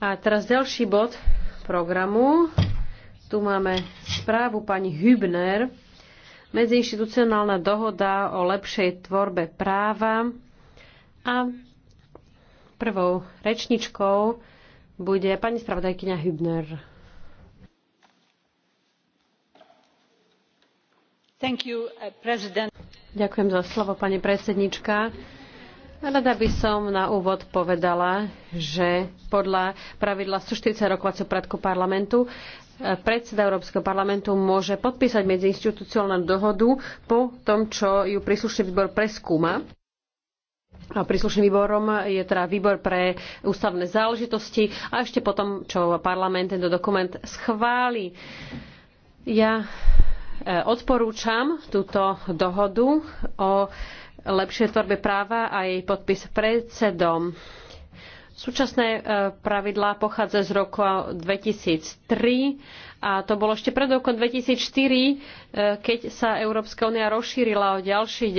A teraz ďalší bod programu. Tu máme správu pani Hübner. Medziinstitucionálna dohoda o lepšej tvorbe práva. A prvou rečničkou bude pani spravodajkyňa Hübner. You, uh, Ďakujem za slovo, pani predsednička Rada by som na úvod povedala, že podľa pravidla 140 rokovacieho pradku parlamentu e, predseda Európskeho parlamentu môže podpísať medziinstitucionálnu dohodu po tom, čo ju príslušný výbor preskúma. A príslušným výborom je teda výbor pre ústavné záležitosti a ešte potom, čo parlament tento dokument schváli. Ja e, odporúčam túto dohodu o lepšej tvorbe práva a jej podpis predsedom. Súčasné e, pravidlá pochádza z roku 2003 a to bolo ešte pred rokom 2004, e, keď sa Európska únia rozšírila o ďalších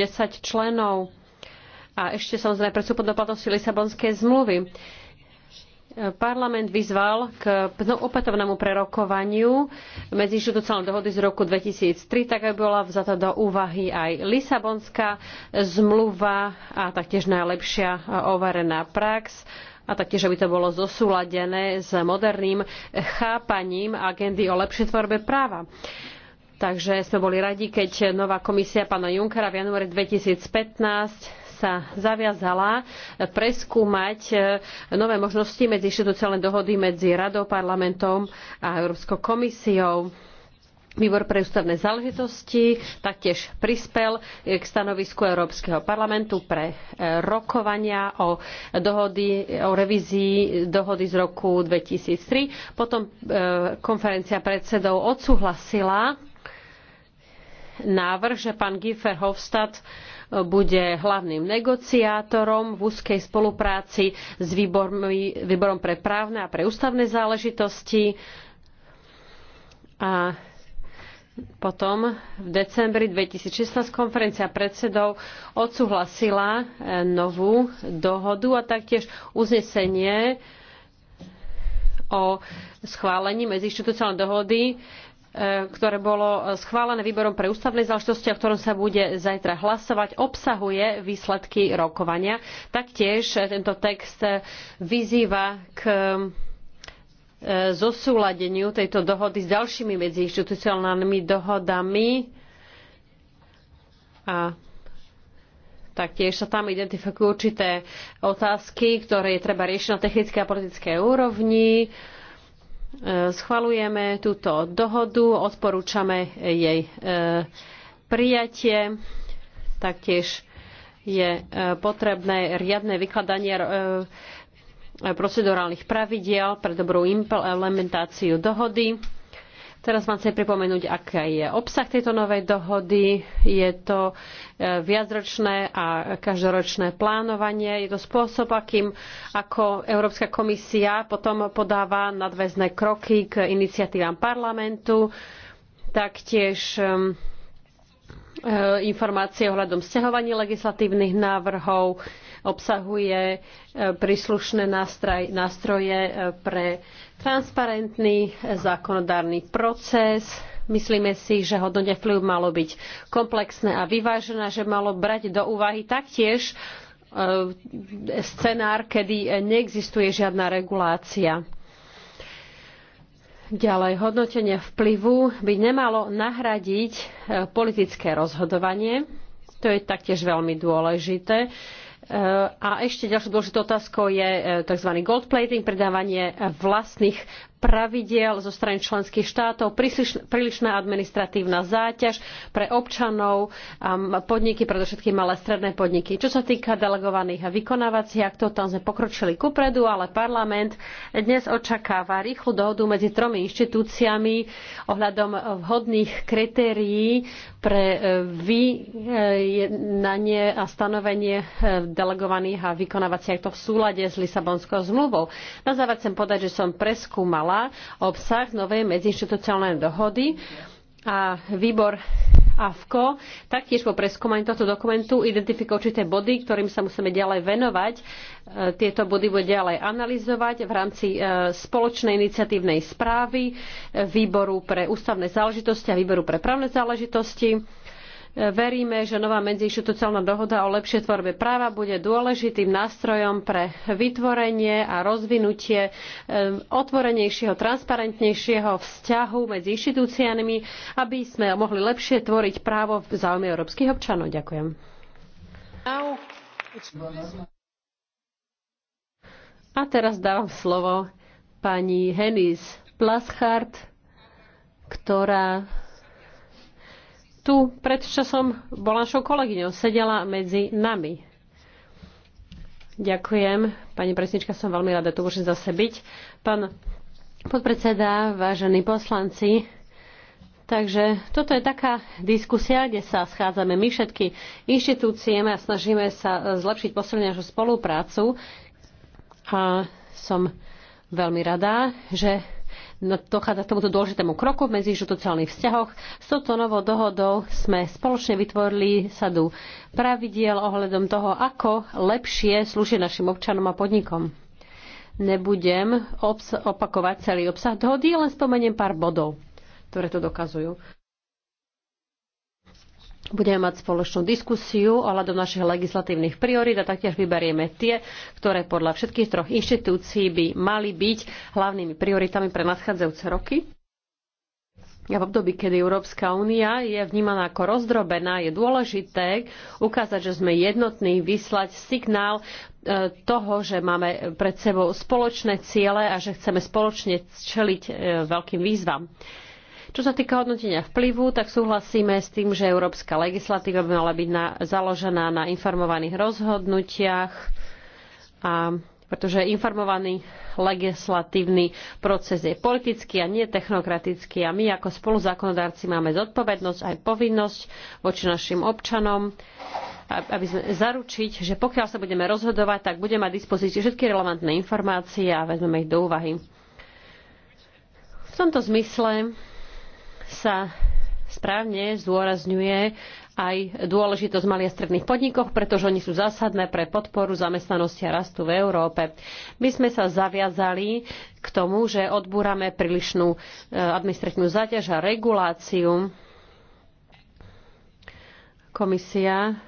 10 členov a ešte samozrejme pred súpodnou platnosti Lisabonskej zmluvy parlament vyzval k no, opätovnému prerokovaniu medziinštitucionálnej dohody z roku 2003, tak aby bola vzata do úvahy aj Lisabonská zmluva a taktiež najlepšia overená prax a taktiež, aby to bolo zosúladené s moderným chápaním agendy o lepšej tvorbe práva. Takže sme boli radi, keď nová komisia pána Junckera v januári 2015 sa zaviazala preskúmať e, nové možnosti medzi inštitúciálne dohody medzi Radou, parlamentom a Európskou komisiou. Výbor pre ústavné záležitosti taktiež prispel e, k stanovisku Európskeho parlamentu pre e, rokovania o, dohody, o revízii dohody z roku 2003. Potom konferencia predsedov odsúhlasila návrh, že pán Guy Verhofstadt bude hlavným negociátorom v úzkej spolupráci s výbormi, výborom pre právne a pre ústavné záležitosti. A potom v decembri 2016 konferencia predsedov odsúhlasila e, novú dohodu a taktiež uznesenie o schválení medziinštitucionálnej dohody E, ktoré bolo schválené výborom pre ústavné záležitosti, o ktorom sa bude zajtra hlasovať, obsahuje výsledky rokovania. Taktiež e, tento text e, vyzýva k zosúladeniu tejto dohody s ďalšími medziinštitucionálnymi dohodami a Taktiež sa tam identifikujú určité otázky, ktoré je treba riešiť na technickej a politickej úrovni schvalujeme túto dohodu, odporúčame jej e, prijatie. Taktiež je e, potrebné riadne vykladanie e, procedurálnych pravidiel pre dobrú implementáciu dohody. Teraz vám chcem pripomenúť, aký je obsah tejto novej dohody. Je to e, viacročné a každoročné plánovanie. Je to spôsob, akým ako Európska komisia potom podáva nadväzné kroky k iniciatívam parlamentu. Taktiež e, informácie ohľadom sťahovania legislatívnych návrhov, obsahuje e, príslušné nástroje pre transparentný zákonodárny proces. Myslíme si, že hodnotenie vplyvu malo byť komplexné a vyvážené, že malo brať do úvahy taktiež e, scenár, kedy neexistuje žiadna regulácia. Ďalej, hodnotenie vplyvu by nemalo nahradiť e, politické rozhodovanie. To je taktiež veľmi dôležité a ešte ďalšou dôležitou otázkou je eh, tzv. gold plating, predávanie vlastných pravidiel zo strany členských štátov, prílišná administratívna záťaž pre občanov a podniky, predovšetkým malé stredné podniky. Čo sa týka delegovaných a vykonávacích aktov, tam sme pokročili kupredu, ale parlament dnes očakáva rýchlu dohodu medzi tromi inštitúciami ohľadom vhodných kritérií pre e, vyjednanie a stanovenie e, delegovaných a vykonávacích aktov v súlade s Lisabonskou zmluvou. Na záver chcem povedať, že som preskúmal mala obsah novej medziinštitucionálnej dohody a výbor AFCO taktiež po preskúmaní tohto dokumentu identifikuje určité body, ktorým sa musíme ďalej venovať. E, tieto body bude ďalej analyzovať v rámci e, spoločnej iniciatívnej správy e, výboru pre ústavné záležitosti a výboru pre právne záležitosti Veríme, že nová medziinštitucionálna dohoda o lepšej tvorbe práva bude dôležitým nástrojom pre vytvorenie a rozvinutie eh, otvorenejšieho, transparentnejšieho vzťahu medzi inštitúciami, aby sme mohli lepšie tvoriť právo v záujme európskych občanov. Ďakujem. A teraz dávam slovo pani Henis Plaschart, ktorá tu pred časom bola našou kolegyňou, sedela medzi nami. Ďakujem. Pani presnička, som veľmi rada tu môžem zase byť. Pán podpredseda, vážení poslanci, Takže toto je taká diskusia, kde sa schádzame my všetky inštitúcie a snažíme sa zlepšiť posilne našu spoluprácu. A som veľmi rada, že No, dochádza k tomuto dôležitému kroku v medzižutociálnych vzťahoch. S touto novou dohodou sme spoločne vytvorili sadu pravidiel ohľadom toho, ako lepšie slúžiť našim občanom a podnikom. Nebudem opakovať celý obsah dohody, len spomeniem pár bodov, ktoré to dokazujú. Budeme mať spoločnú diskusiu ohľadom našich legislatívnych priorít a taktiež vyberieme tie, ktoré podľa všetkých troch inštitúcií by mali byť hlavnými prioritami pre nadchádzajúce roky. A v období, kedy Európska únia je vnímaná ako rozdrobená, je dôležité ukázať, že sme jednotní, vyslať signál e, toho, že máme pred sebou spoločné ciele a že chceme spoločne čeliť e, veľkým výzvam. Čo sa týka hodnotenia vplyvu, tak súhlasíme s tým, že európska legislatíva by mala byť na, založená na informovaných rozhodnutiach, a, pretože informovaný legislatívny proces je politický a nie technokratický a my ako spoluzákonodárci máme zodpovednosť aj povinnosť voči našim občanom aby sme zaručiť, že pokiaľ sa budeme rozhodovať, tak budeme mať dispozícii všetky relevantné informácie a vezmeme ich do úvahy. V tomto zmysle sa správne zdôrazňuje aj dôležitosť malých a stredných podnikov, pretože oni sú zásadné pre podporu zamestnanosti a rastu v Európe. My sme sa zaviazali k tomu, že odbúrame prílišnú e, administratívnu záťaž a reguláciu. Komisia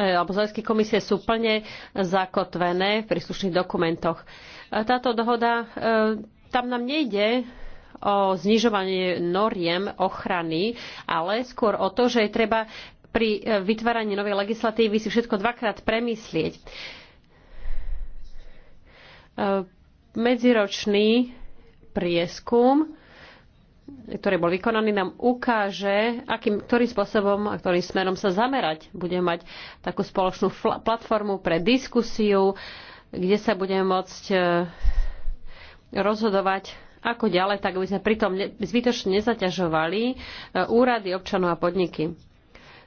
e, alebo záväzky komisie sú plne zakotvené v príslušných dokumentoch. E, táto dohoda, tam nám nejde o znižovanie noriem ochrany, ale skôr o to, že je treba pri e, vytváraní novej legislatívy si všetko dvakrát premyslieť. E, medziročný prieskum ktorý bol vykonaný, nám ukáže, akým, ktorým spôsobom a ktorým smerom sa zamerať. Budeme mať takú spoločnú platformu pre diskusiu, kde sa budeme môcť e, rozhodovať ako ďalej, tak aby sme pritom zbytočne nezaťažovali e, úrady občanov a podniky.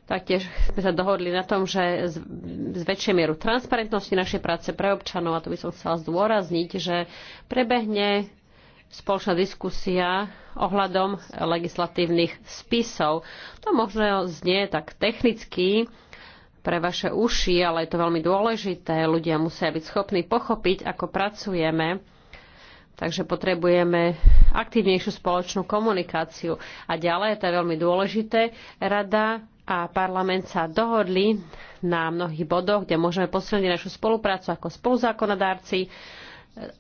Taktiež sme sa dohodli na tom, že z väčšej mieru transparentnosti našej práce pre občanov, a to by som chcela zdôrazniť, že prebehne spoločná diskusia ohľadom legislatívnych spisov. To možno znie tak technicky pre vaše uši, ale je to veľmi dôležité. Ľudia musia byť schopní pochopiť, ako pracujeme Takže potrebujeme aktívnejšiu spoločnú komunikáciu. A ďalej, to je veľmi dôležité, rada a parlament sa dohodli na mnohých bodoch, kde môžeme posilniť našu spoluprácu ako spoluzákonodárci,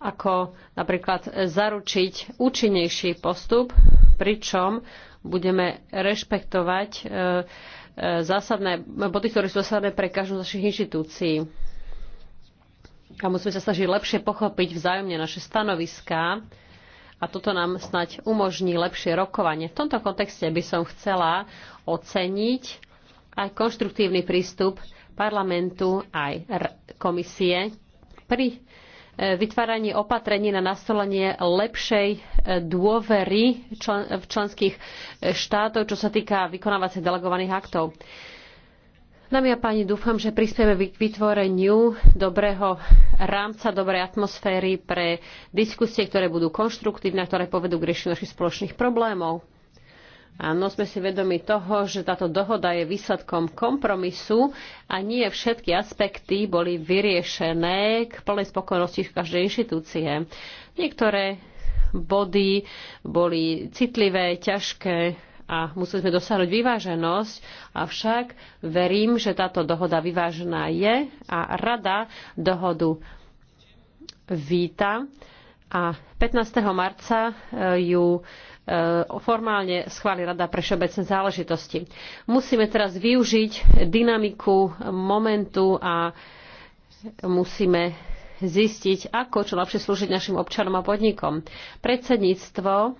ako napríklad zaručiť účinnejší postup, pričom budeme rešpektovať e, e, zásadné body, ktoré sú zásadné pre každú z našich inštitúcií a musíme sa snažiť lepšie pochopiť vzájomne naše stanoviská a toto nám snať umožní lepšie rokovanie. V tomto kontexte by som chcela oceniť aj konštruktívny prístup parlamentu aj komisie pri e, vytváraní opatrení na nastolenie lepšej e, dôvery v členských e, štátoch, čo sa týka vykonávacích delegovaných aktov. Dámy a páni, dúfam, že prispieme k vytvoreniu dobrého rámca, dobrej atmosféry pre diskusie, ktoré budú konštruktívne, ktoré povedú k riešeniu našich spoločných problémov. Áno, sme si vedomi toho, že táto dohoda je výsledkom kompromisu a nie všetky aspekty boli vyriešené k plnej spokojnosti každej inštitúcie. Niektoré body boli citlivé, ťažké, a museli sme dosiahnuť vyváženosť, avšak verím, že táto dohoda vyvážená je a rada dohodu víta a 15. marca e, ju e, formálne schváli Rada pre všeobecné záležitosti. Musíme teraz využiť dynamiku momentu a musíme zistiť, ako čo lepšie slúžiť našim občanom a podnikom. Predsedníctvo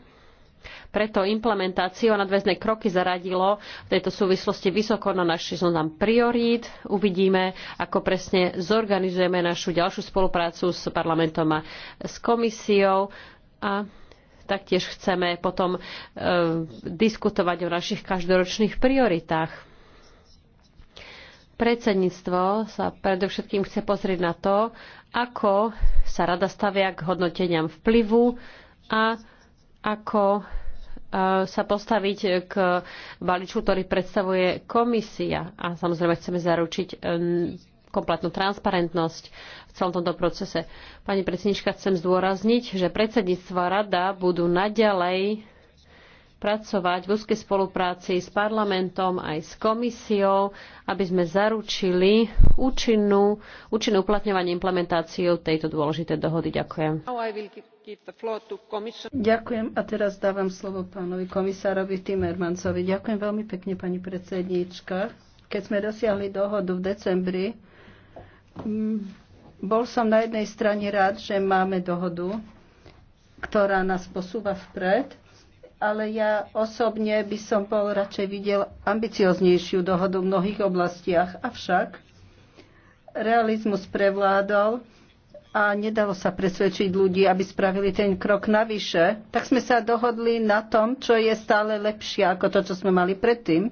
preto implementáciu a nadväzné kroky zaradilo v tejto súvislosti vysoko na náš zoznam priorít. Uvidíme, ako presne zorganizujeme našu ďalšiu spoluprácu s parlamentom a s komisiou. A taktiež chceme potom e, diskutovať o našich každoročných prioritách. Predsedníctvo sa predovšetkým chce pozrieť na to, ako sa rada stavia k hodnoteniam vplyvu a ako e, sa postaviť k balíčku, ktorý predstavuje komisia. A samozrejme chceme zaručiť e, kompletnú transparentnosť v celom tomto procese. Pani predsednička, chcem zdôrazniť, že predsedníctva rada budú naďalej pracovať v úzkej spolupráci s parlamentom aj s komisiou, aby sme zaručili účinnú, účinnú uplatňovanie implementáciou tejto dôležitej dohody. Ďakujem. Ďakujem a teraz dávam slovo pánovi komisárovi Timmermansovi. Ďakujem veľmi pekne, pani predsednička. Keď sme dosiahli dohodu v decembri, mm, bol som na jednej strane rád, že máme dohodu, ktorá nás posúva vpred, ale ja osobne by som bol radšej videl ambicioznejšiu dohodu v mnohých oblastiach. Avšak realizmus prevládol a nedalo sa presvedčiť ľudí, aby spravili ten krok navyše, tak sme sa dohodli na tom, čo je stále lepšie ako to, čo sme mali predtým.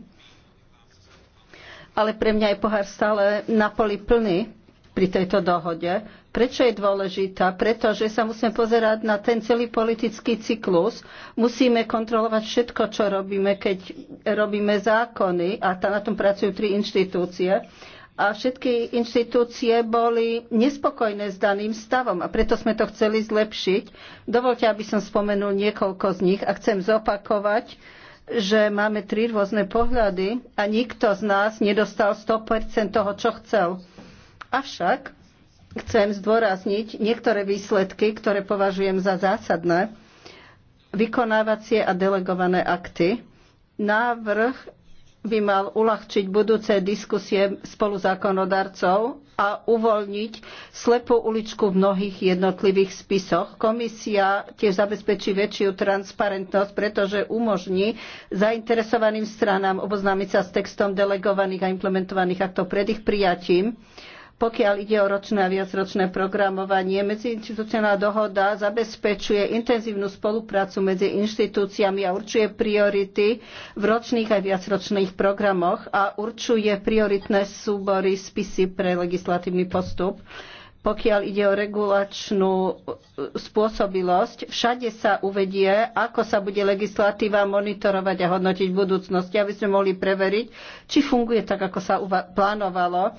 Ale pre mňa je pohár stále na poli plný pri tejto dohode. Prečo je dôležitá? Pretože sa musíme pozerať na ten celý politický cyklus. Musíme kontrolovať všetko, čo robíme, keď robíme zákony a na tom pracujú tri inštitúcie a všetky inštitúcie boli nespokojné s daným stavom a preto sme to chceli zlepšiť. Dovolte, aby som spomenul niekoľko z nich a chcem zopakovať, že máme tri rôzne pohľady a nikto z nás nedostal 100% toho, čo chcel. Avšak chcem zdôrazniť niektoré výsledky, ktoré považujem za zásadné. Vykonávacie a delegované akty. Návrh by mal uľahčiť budúce diskusie spoluzákonodarcov a uvoľniť slepú uličku v mnohých jednotlivých spisoch. Komisia tiež zabezpečí väčšiu transparentnosť, pretože umožní zainteresovaným stranám oboznámiť sa s textom delegovaných a implementovaných aktov pred ich prijatím pokiaľ ide o ročné a viacročné programovanie, medziinstitucionálna dohoda zabezpečuje intenzívnu spoluprácu medzi inštitúciami a určuje priority v ročných a viacročných programoch a určuje prioritné súbory spisy pre legislatívny postup pokiaľ ide o regulačnú e, spôsobilosť, všade sa uvedie, ako sa bude legislatíva monitorovať a hodnotiť v budúcnosti, aby sme mohli preveriť, či funguje tak, ako sa plánovalo.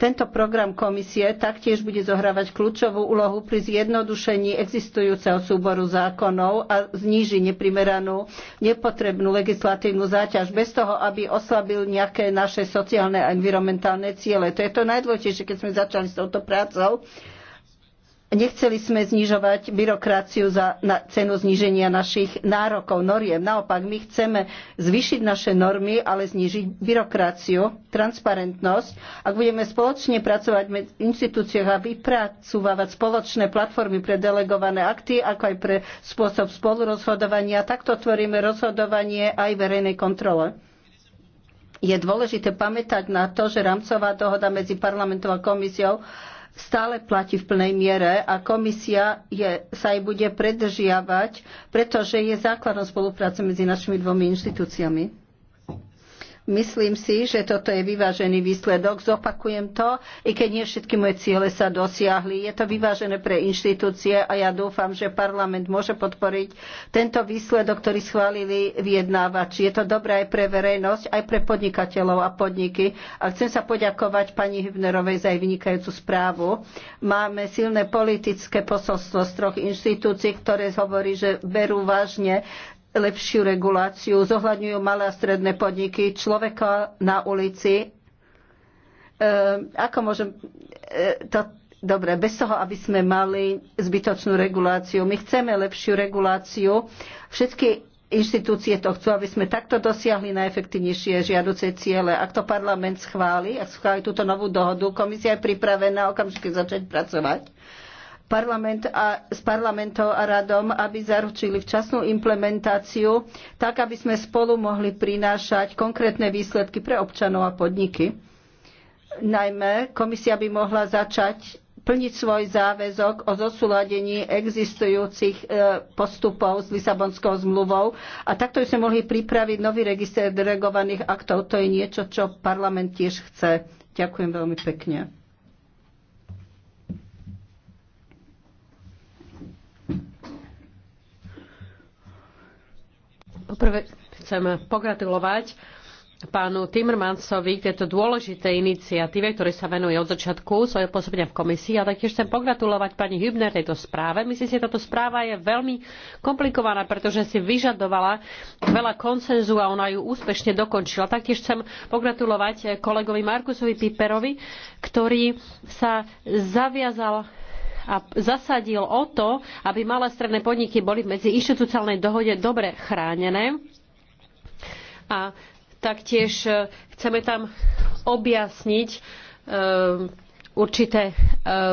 Tento program komisie taktiež bude zohrávať kľúčovú úlohu pri zjednodušení existujúceho súboru zákonov a zníži neprimeranú, nepotrebnú legislatívnu záťaž bez toho, aby oslabil nejaké naše sociálne a environmentálne ciele. To je to najdôležitejšie, keď sme začali s touto prácou Nechceli sme znižovať byrokraciu za cenu zníženia našich nárokov, noriem. Naopak, my chceme zvyšiť naše normy, ale znížiť byrokraciu, transparentnosť. Ak budeme spoločne pracovať v inštitúciách a vypracovávať spoločné platformy pre delegované akty, ako aj pre spôsob spolurozhodovania, takto tvoríme rozhodovanie aj verejnej kontrole. Je dôležité pamätať na to, že rámcová dohoda medzi parlamentom a komisiou stále platí v plnej miere a komisia je, sa jej bude predržiavať, pretože je základom spolupráce medzi našimi dvomi inštitúciami. Myslím si, že toto je vyvážený výsledok. Zopakujem to, i keď nie všetky moje ciele sa dosiahli. Je to vyvážené pre inštitúcie a ja dúfam, že parlament môže podporiť tento výsledok, ktorý schválili vyjednávači. Je to dobré aj pre verejnosť, aj pre podnikateľov a podniky. A chcem sa poďakovať pani Hübnerovej za jej vynikajúcu správu. Máme silné politické posolstvo z troch inštitúcií, ktoré hovorí, že berú vážne lepšiu reguláciu, zohľadňujú malé a stredné podniky, človeka na ulici. E, ako môžem e, to, dobre, bez toho, aby sme mali zbytočnú reguláciu. My chceme lepšiu reguláciu. Všetky inštitúcie to chcú, aby sme takto dosiahli najefektívnejšie žiaduce ciele. Ak to parlament schváli, ak schváli túto novú dohodu, komisia je pripravená okamžite začať pracovať parlament a, s parlamentom a radom, aby zaručili včasnú implementáciu, tak aby sme spolu mohli prinášať konkrétne výsledky pre občanov a podniky. Najmä komisia by mohla začať plniť svoj záväzok o zosúladení existujúcich e, postupov s Lisabonskou zmluvou a takto by sme mohli pripraviť nový register delegovaných aktov. To je niečo, čo parlament tiež chce. Ďakujem veľmi pekne. Prvé chcem pogratulovať pánu Timmermansovi k tejto dôležitej iniciatíve, ktorý sa venuje od začiatku svojho pôsobenia v komisii. A taktiež chcem pogratulovať pani Hübner tejto správe. Myslím si, že táto správa je veľmi komplikovaná, pretože si vyžadovala veľa konsenzu a ona ju úspešne dokončila. Taktiež chcem pogratulovať kolegovi Markusovi Piperovi, ktorý sa zaviazal a zasadil o to, aby malé stredné podniky boli v medziinštitucionálnej dohode dobre chránené. A taktiež e, chceme tam objasniť e, určité e,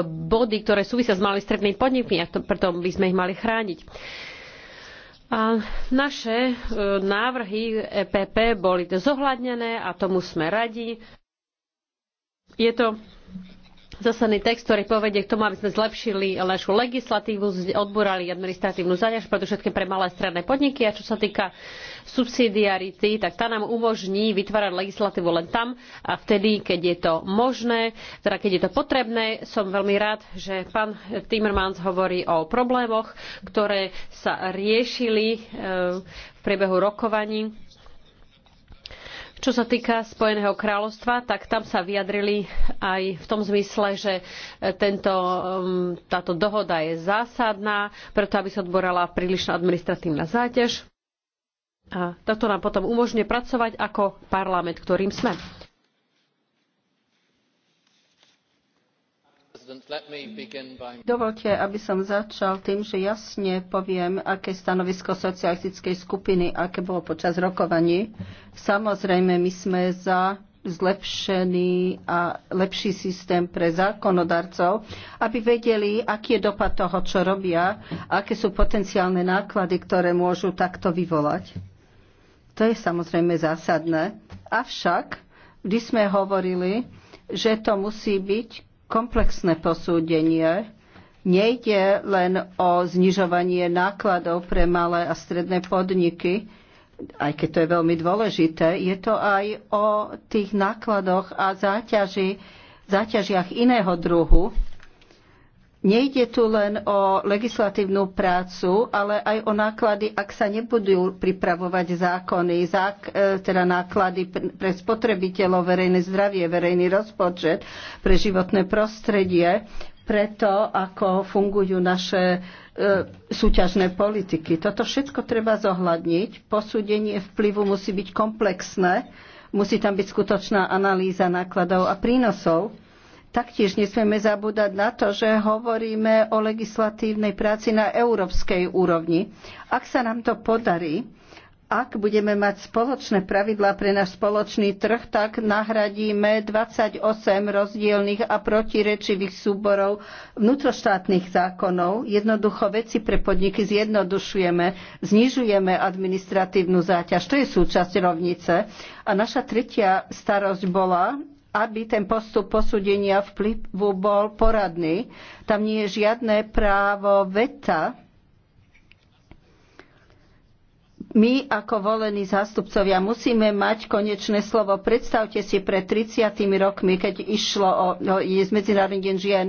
body, ktoré súvisia s malými strednými podnikmi a preto by sme ich mali chrániť. A naše návrhy EPP boli zohľadnené a tomu sme radi. Je to zásadný text, ktorý povedie k tomu, aby sme zlepšili našu legislatívu, odborali administratívnu záťaž, predovšetkým pre malé stredné podniky. A čo sa týka subsidiarity, tak tá nám umožní vytvárať legislatívu len tam a vtedy, keď je to možné, teda keď je to potrebné. Som veľmi rád, že pán Timmermans hovorí o problémoch, ktoré sa riešili eh, v priebehu rokovaní čo sa týka Spojeného kráľovstva, tak tam sa vyjadrili aj v tom zmysle, že e, tento, um, táto dohoda je zásadná, preto aby sa odborala prílišná administratívna záťaž. A toto nám potom umožňuje pracovať ako parlament, ktorým sme. Dovolte, aby som začal tým, že jasne poviem, aké stanovisko socialistickej skupiny, aké bolo počas rokovaní. Samozrejme, my sme za zlepšený a lepší systém pre zákonodarcov, aby vedeli, aký je dopad toho, čo robia, aké sú potenciálne náklady, ktoré môžu takto vyvolať. To je samozrejme zásadné. Avšak, vždy sme hovorili, že to musí byť komplexné posúdenie. Nejde len o znižovanie nákladov pre malé a stredné podniky, aj keď to je veľmi dôležité, je to aj o tých nákladoch a záťaži, záťažiach iného druhu, Nejde tu len o legislatívnu prácu, ale aj o náklady, ak sa nebudú pripravovať zákony, zák, e, teda náklady pre spotrebiteľov, verejné zdravie, verejný rozpočet, pre životné prostredie, pre to, ako fungujú naše e, súťažné politiky. Toto všetko treba zohľadniť. Posúdenie vplyvu musí byť komplexné, musí tam byť skutočná analýza nákladov a prínosov Taktiež nesmieme zabúdať na to, že hovoríme o legislatívnej práci na európskej úrovni. Ak sa nám to podarí, ak budeme mať spoločné pravidlá pre náš spoločný trh, tak nahradíme 28 rozdielných a protirečivých súborov vnútroštátnych zákonov. Jednoducho veci pre podniky zjednodušujeme, znižujeme administratívnu záťaž. To je súčasť rovnice. A naša tretia starosť bola, aby ten postup posúdenia vplyvu bol poradný. Tam nie je žiadne právo veta. My ako volení zástupcovia musíme mať konečné slovo. Predstavte si, pred 30 rokmi, keď išlo o, o Medzinárodný deň žien,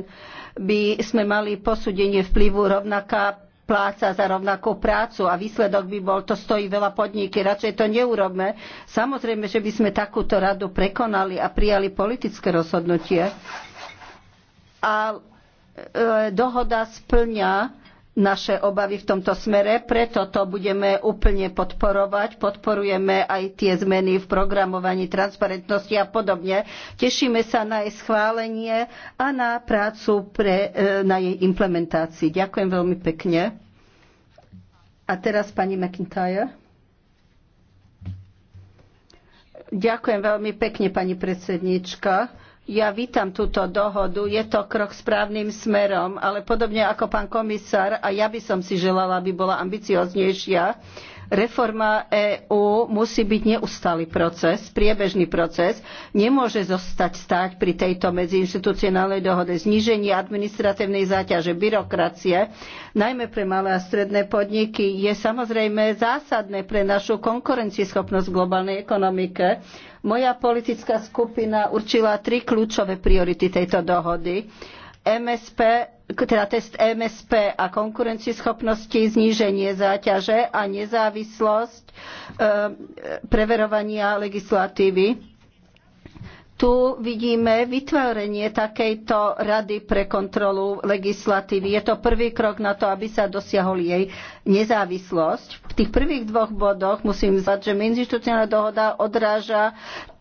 by sme mali posúdenie vplyvu rovnaká pláca za rovnakú prácu a výsledok by bol, to stojí veľa podniky, radšej to neurobme. Samozrejme, že by sme takúto radu prekonali a prijali politické rozhodnutie. A e, dohoda splňa naše obavy v tomto smere, preto to budeme úplne podporovať. Podporujeme aj tie zmeny v programovaní transparentnosti a podobne. Tešíme sa na jej schválenie a na prácu pre, e, na jej implementácii. Ďakujem veľmi pekne. A teraz pani McIntyre. Ďakujem veľmi pekne, pani predsednička ja vítam túto dohodu, je to krok správnym smerom, ale podobne ako pán komisár, a ja by som si želala, aby bola ambicioznejšia, Reforma EÚ musí byť neustály proces, priebežný proces. Nemôže zostať stáť pri tejto medziinstitucionálnej dohode zníženie administratívnej záťaže, byrokracie, najmä pre malé a stredné podniky, je samozrejme zásadné pre našu konkurencieschopnosť v globálnej ekonomike. Moja politická skupina určila tri kľúčové priority tejto dohody MSP teda test MSP a konkurencieschopnosti, zníženie záťaže a nezávislosť eh, preverovania legislatívy tu vidíme vytvorenie takejto rady pre kontrolu legislatívy. Je to prvý krok na to, aby sa dosiahol jej nezávislosť. V tých prvých dvoch bodoch musím zvať, že medziinstitucionálna dohoda odráža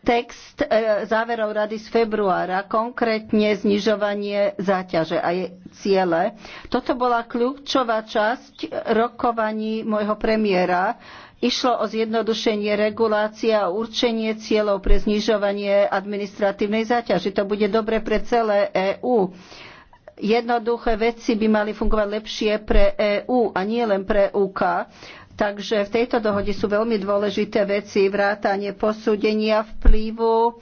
text e, záverov rady z februára, konkrétne znižovanie záťaže a ciele. Toto bola kľúčová časť rokovaní môjho premiéra Išlo o zjednodušenie regulácie a určenie cieľov pre znižovanie administratívnej záťaže. To bude dobre pre celé EÚ. Jednoduché veci by mali fungovať lepšie pre EÚ a nie len pre UK. Takže v tejto dohode sú veľmi dôležité veci, vrátanie posúdenia vplyvu,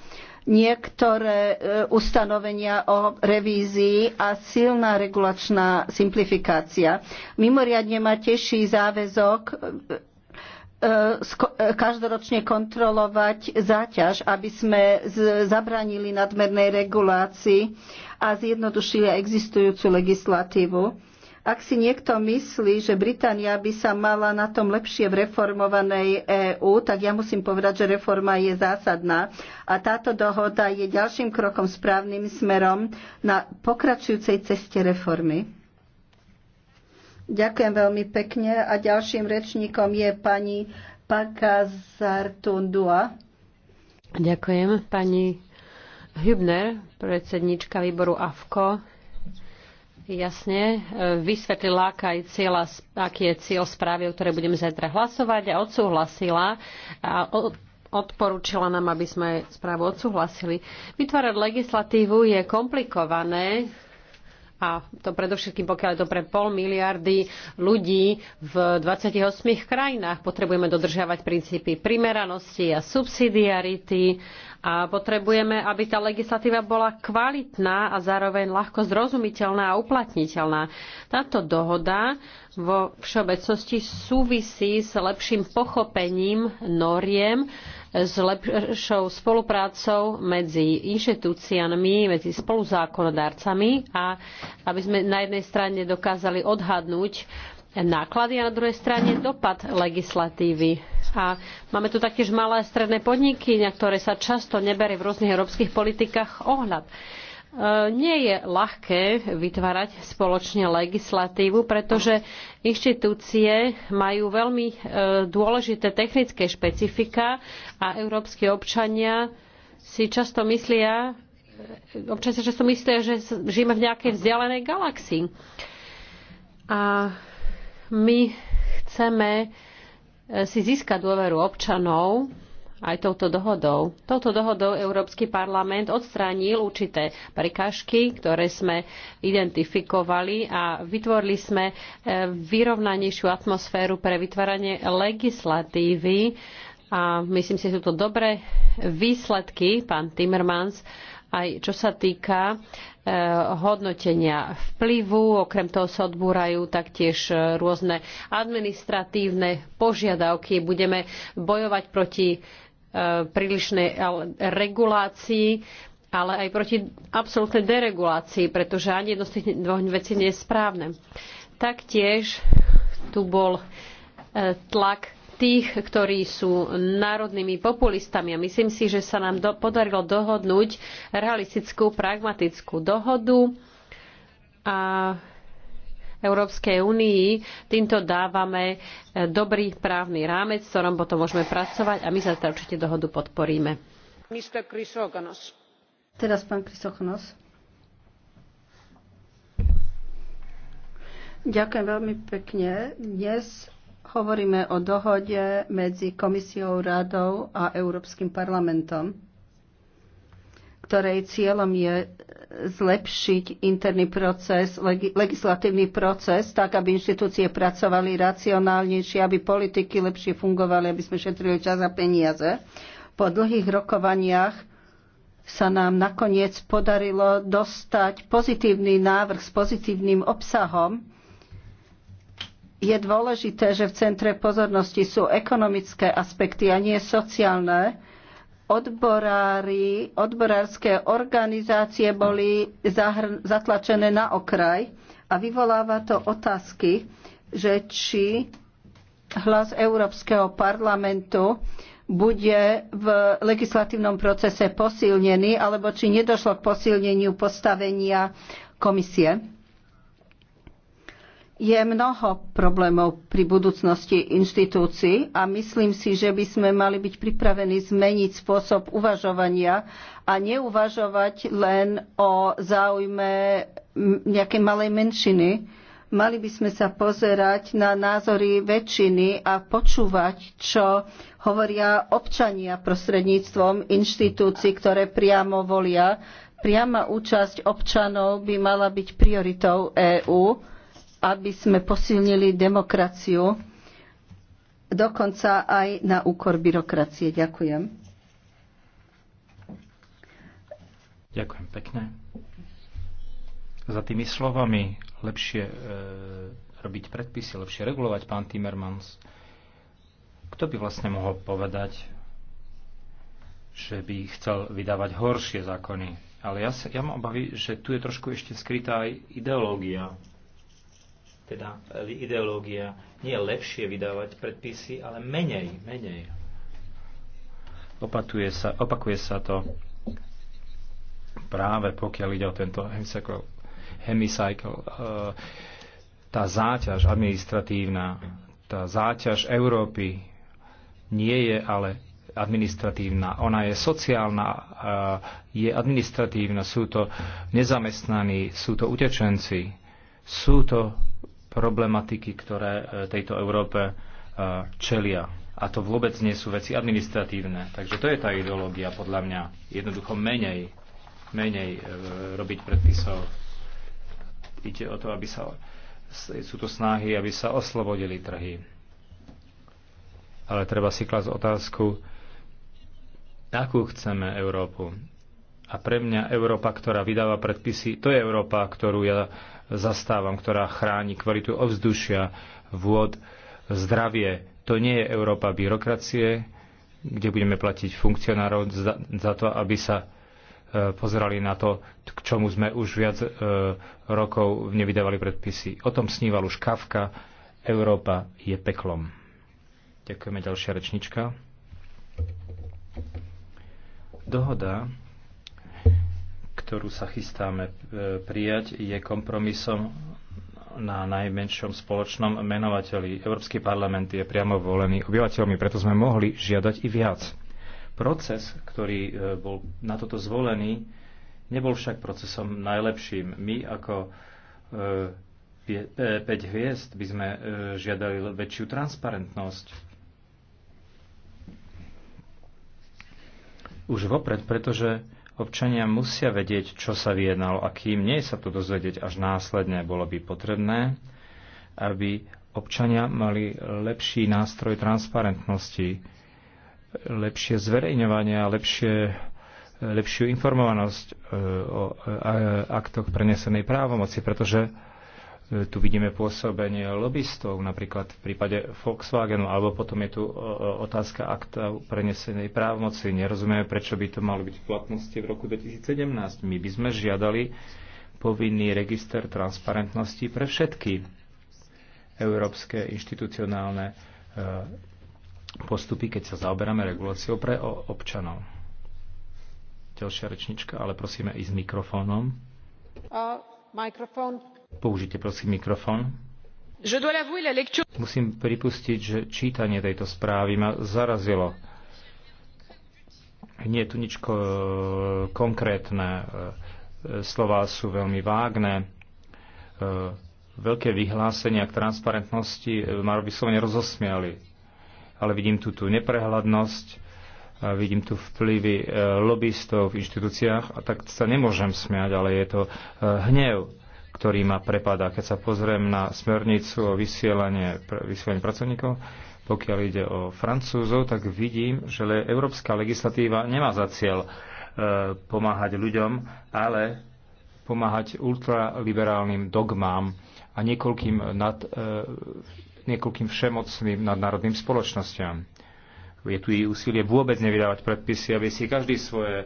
niektoré e, ustanovenia o revízii a silná regulačná simplifikácia. Mimoriadne ma teší záväzok e, E, e, každoročne kontrolovať záťaž, aby sme zabranili nadmernej regulácii a zjednodušili existujúcu legislatívu. Ak si niekto myslí, že Británia by sa mala na tom lepšie v reformovanej EÚ, tak ja musím povedať, že reforma je zásadná. A táto dohoda je ďalším krokom správnym smerom na pokračujúcej ceste reformy. Ďakujem veľmi pekne a ďalším rečníkom je pani Pakazartundua. Ďakujem. Pani Hübner, predsednička výboru AFKO, jasne e, vysvetlila, aká je cieľa, aký je cieľ správy, o ktorej budeme zajtra hlasovať a odsúhlasila a odporúčila nám, aby sme správu odsúhlasili. Vytvárať legislatívu je komplikované, a to predovšetkým pokiaľ je to pre pol miliardy ľudí v 28 krajinách. Potrebujeme dodržiavať princípy primeranosti a subsidiarity a potrebujeme, aby tá legislatíva bola kvalitná a zároveň ľahko zrozumiteľná a uplatniteľná. Táto dohoda vo všeobecnosti súvisí s lepším pochopením noriem s lepšou spoluprácou medzi inštitúciami, medzi spoluzákonodárcami a aby sme na jednej strane dokázali odhadnúť náklady a na druhej strane dopad legislatívy. A máme tu taktiež malé a stredné podniky, na ktoré sa často neberie v rôznych európskych politikách ohľad nie je ľahké vytvárať spoločne legislatívu, pretože inštitúcie majú veľmi e, dôležité technické špecifika a európsky občania si často myslia, e, občania si často myslia, že žijeme v nejakej vzdialenej galaxii. A my chceme e, si získať dôveru občanov aj touto dohodou. Touto dohodou Európsky parlament odstránil určité prekážky, ktoré sme identifikovali a vytvorili sme e, vyrovnanejšiu atmosféru pre vytváranie legislatívy a myslím si, že sú to dobré výsledky, pán Timmermans, aj čo sa týka e, hodnotenia vplyvu. Okrem toho sa odbúrajú taktiež e, rôzne administratívne požiadavky. Budeme bojovať proti prílišnej regulácii, ale aj proti absolútnej deregulácii, pretože ani jedno z tých dvoch vecí nie je správne. Taktiež tu bol e, tlak tých, ktorí sú národnými populistami. A myslím si, že sa nám do, podarilo dohodnúť realistickú, pragmatickú dohodu. A Európskej únii. Týmto dávame e, dobrý právny rámec, v ktorom potom môžeme pracovať a my sa teda určite dohodu podporíme. Teraz pán Ďakujem veľmi pekne. Dnes hovoríme o dohode medzi Komisiou, Radou a Európskym parlamentom ktorej cieľom je zlepšiť interný proces, legislatívny proces, tak aby inštitúcie pracovali racionálnejšie, aby politiky lepšie fungovali, aby sme šetrili čas a peniaze. Po dlhých rokovaniach sa nám nakoniec podarilo dostať pozitívny návrh s pozitívnym obsahom. Je dôležité, že v centre pozornosti sú ekonomické aspekty a nie sociálne, odborári, odborárske organizácie boli zahr- zatlačené na okraj a vyvoláva to otázky, že či hlas Európskeho parlamentu bude v legislatívnom procese posilnený, alebo či nedošlo k posilneniu postavenia komisie je mnoho problémov pri budúcnosti inštitúcií a myslím si, že by sme mali byť pripravení zmeniť spôsob uvažovania a neuvažovať len o záujme nejakej malej menšiny. Mali by sme sa pozerať na názory väčšiny a počúvať, čo hovoria občania prostredníctvom inštitúcií, ktoré priamo volia. Priama účasť občanov by mala byť prioritou EÚ aby sme posilnili demokraciu, dokonca aj na úkor byrokracie. Ďakujem. Ďakujem pekne. Za tými slovami lepšie e, robiť predpisy, lepšie regulovať, pán Timmermans. Kto by vlastne mohol povedať, že by chcel vydávať horšie zákony? Ale ja, sa, ja mám obavy, že tu je trošku ešte skrytá aj ideológia teda e, ideológia nie je lepšie vydávať predpisy, ale menej, menej. Opatuje sa, opakuje sa to práve pokiaľ ide o tento hemicycle, hemicycle e, tá záťaž administratívna, tá záťaž Európy nie je ale administratívna, ona je sociálna, je administratívna, sú to nezamestnaní, sú to utečenci, sú to problematiky, ktoré e, tejto Európe e, čelia. A to vôbec nie sú veci administratívne. Takže to je tá ideológia, podľa mňa. Jednoducho menej, menej e, robiť predpisov. Ide o to, aby sa, sú to snahy, aby sa oslobodili trhy. Ale treba si klásť otázku, akú chceme Európu a pre mňa Európa, ktorá vydáva predpisy, to je Európa, ktorú ja zastávam, ktorá chráni kvalitu ovzdušia, vôd, zdravie. To nie je Európa byrokracie, kde budeme platiť funkcionárov za, to, aby sa e, pozerali na to, k čomu sme už viac e, rokov nevydávali predpisy. O tom sníval už Kafka. Európa je peklom. Ďakujeme ďalšia rečnička. Dohoda ktorú sa chystáme e, prijať, je kompromisom na najmenšom spoločnom menovateli. Európsky parlament je priamo volený obyvateľmi, preto sme mohli žiadať i viac. Proces, ktorý e, bol na toto zvolený, nebol však procesom najlepším. My ako 5 e, hviezd by sme žiadali väčšiu transparentnosť. Už vopred, pretože Občania musia vedieť, čo sa vyjednalo a kým nie sa to dozvedieť až následne. Bolo by potrebné, aby občania mali lepší nástroj transparentnosti, lepšie zverejňovanie a lepšie, lepšiu informovanosť e, o e, e, aktoch prenesenej právomoci, pretože tu vidíme pôsobenie lobbystov, napríklad v prípade Volkswagenu, alebo potom je tu otázka akta prenesenej právomoci. Nerozumieme, prečo by to malo byť v platnosti v roku 2017. My by sme žiadali povinný register transparentnosti pre všetky európske inštitucionálne e, postupy, keď sa zaoberáme reguláciou pre občanov. Ďalšia rečnička, ale prosíme i s mikrofónom. Uh, mikrofón Použite prosím mikrofón. Musím pripustiť, že čítanie tejto správy ma zarazilo. Nie je tu nič konkrétne. E, Slová sú veľmi vágne. E, veľké vyhlásenia k transparentnosti e, ma vyslovene rozosmiali. Ale vidím tu tú neprehľadnosť, vidím tu vplyvy lobbystov v inštitúciách a tak sa nemôžem smiať, ale je to hnev ktorý ma prepadá. Keď sa pozriem na smernicu o vysielanie, vysielanie pracovníkov, pokiaľ ide o Francúzov, tak vidím, že le, európska legislatíva nemá za cieľ e, pomáhať ľuďom, ale pomáhať ultraliberálnym dogmám a niekoľkým, nad, e, niekoľkým všemocným nadnárodným spoločnosťam. Je tu i úsilie vôbec nevydávať predpisy, aby si každý svoje e,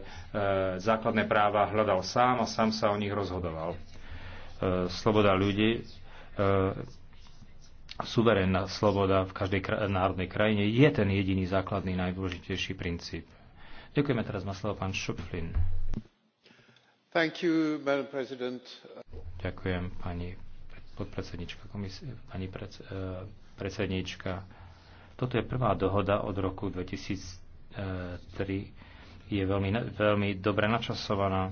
základné práva hľadal sám a sám sa o nich rozhodoval E, sloboda ľudí, e, suverénna sloboda v každej národnej krajine je ten jediný základný najdôležitejší princíp. Ďakujeme teraz na slovo pán Šupflin. You, Ďakujem pani podpredsednička komisie, pani pred, e, predsednička. Toto je prvá dohoda od roku 2003. Je veľmi, veľmi dobre načasovaná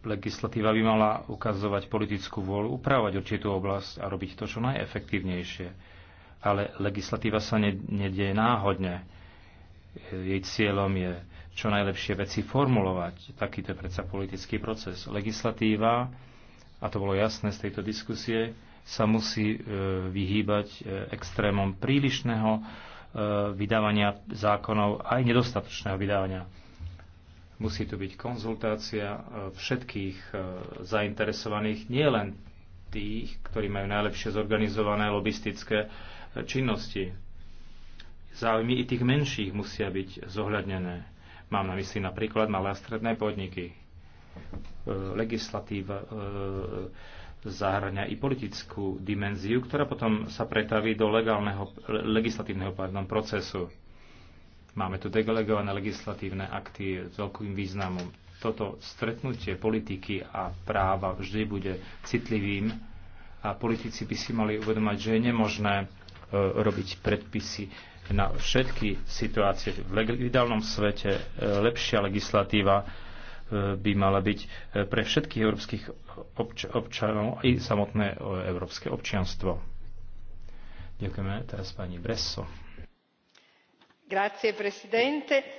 Legislatíva by mala ukazovať politickú vôľu, upravovať určitú oblasť a robiť to čo najefektívnejšie. Ale legislatíva sa ne, nedieje náhodne. Jej cieľom je čo najlepšie veci formulovať. Takýto je predsa politický proces. Legislatíva, a to bolo jasné z tejto diskusie, sa musí e, vyhýbať e, extrémom prílišného e, vydávania zákonov, aj nedostatočného vydávania Musí tu byť konzultácia e, všetkých e, zainteresovaných, nielen tých, ktorí majú najlepšie zorganizované lobistické e, činnosti. Záujmy i tých menších musia byť zohľadnené. Mám na mysli napríklad malé a stredné podniky. Legislatíva zahrania i politickú dimenziu, ktorá potom sa pretaví do legálneho, legislatívneho pardon, procesu. Máme tu delegované legislatívne akty s veľkým významom. Toto stretnutie politiky a práva vždy bude citlivým a politici by si mali uvedomať, že je nemožné e, robiť predpisy na všetky situácie. V ideálnom svete e, lepšia legislatíva e, by mala byť pre všetkých európskych obč- občanov i samotné európske občianstvo. Ďakujeme teraz pani Bresso. Eh,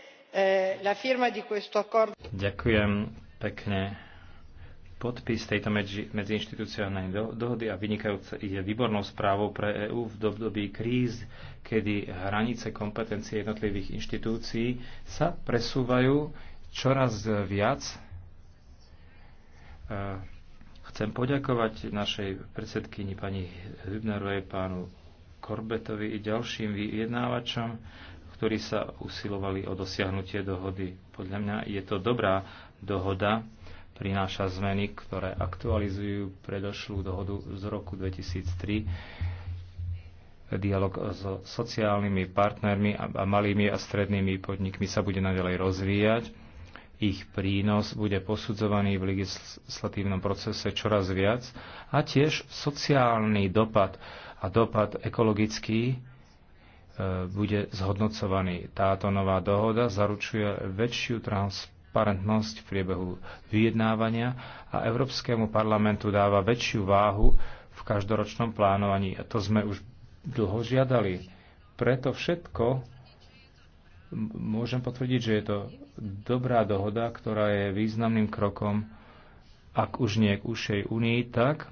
Ďakujem pekne. Podpis tejto medziinštitucionálnej dohody a vynikajúce je výbornou správou pre EÚ v období kríz, kedy hranice kompetencie jednotlivých inštitúcií sa presúvajú čoraz viac. Eh, chcem poďakovať našej predsedkyni pani Hübnerovej, pánu Korbetovi i ďalším vyjednávačom ktorí sa usilovali o dosiahnutie dohody. Podľa mňa je to dobrá dohoda, prináša zmeny, ktoré aktualizujú predošlú dohodu z roku 2003. Dialog so sociálnymi partnermi a malými a strednými podnikmi sa bude naďalej rozvíjať. Ich prínos bude posudzovaný v legislatívnom procese čoraz viac a tiež sociálny dopad a dopad ekologický E, bude zhodnocovaný. Táto nová dohoda zaručuje väčšiu transparentnosť v priebehu vyjednávania a Európskemu parlamentu dáva väčšiu váhu v každoročnom plánovaní. A to sme už dlho žiadali. Preto všetko môžem potvrdiť, že je to dobrá dohoda, ktorá je významným krokom, ak už nie k ušej únii, tak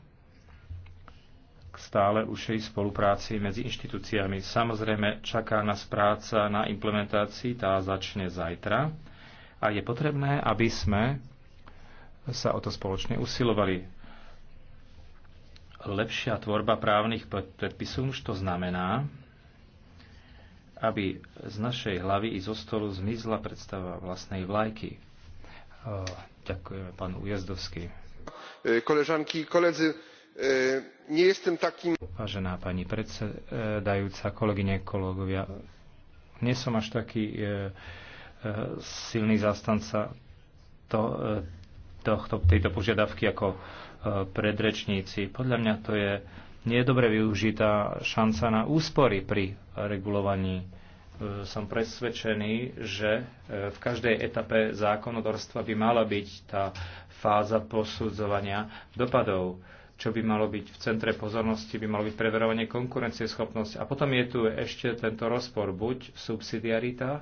stále ušej spolupráci medzi inštitúciami. Samozrejme, čaká nás práca na implementácii, tá začne zajtra a je potrebné, aby sme sa o to spoločne usilovali. Lepšia tvorba právnych predpisov už to znamená, aby z našej hlavy i zo stolu zmizla predstava vlastnej vlajky. Ďakujeme pánu Ujazdovský. Koleżanki i koledzy, E, nie jestem takým... Vážená pani predsedajúca, kolegyne, kolegovia, nie som až taký e, e, silný zástanca to, tohto, tejto požiadavky ako predrečníci. Podľa mňa to je nie je dobre využitá šanca na úspory pri regulovaní. Som presvedčený, že v každej etape zákonodorstva by mala byť tá fáza posudzovania dopadov čo by malo byť v centre pozornosti, by malo byť preverovanie konkurencieschopnosti. A potom je tu ešte tento rozpor, buď subsidiarita,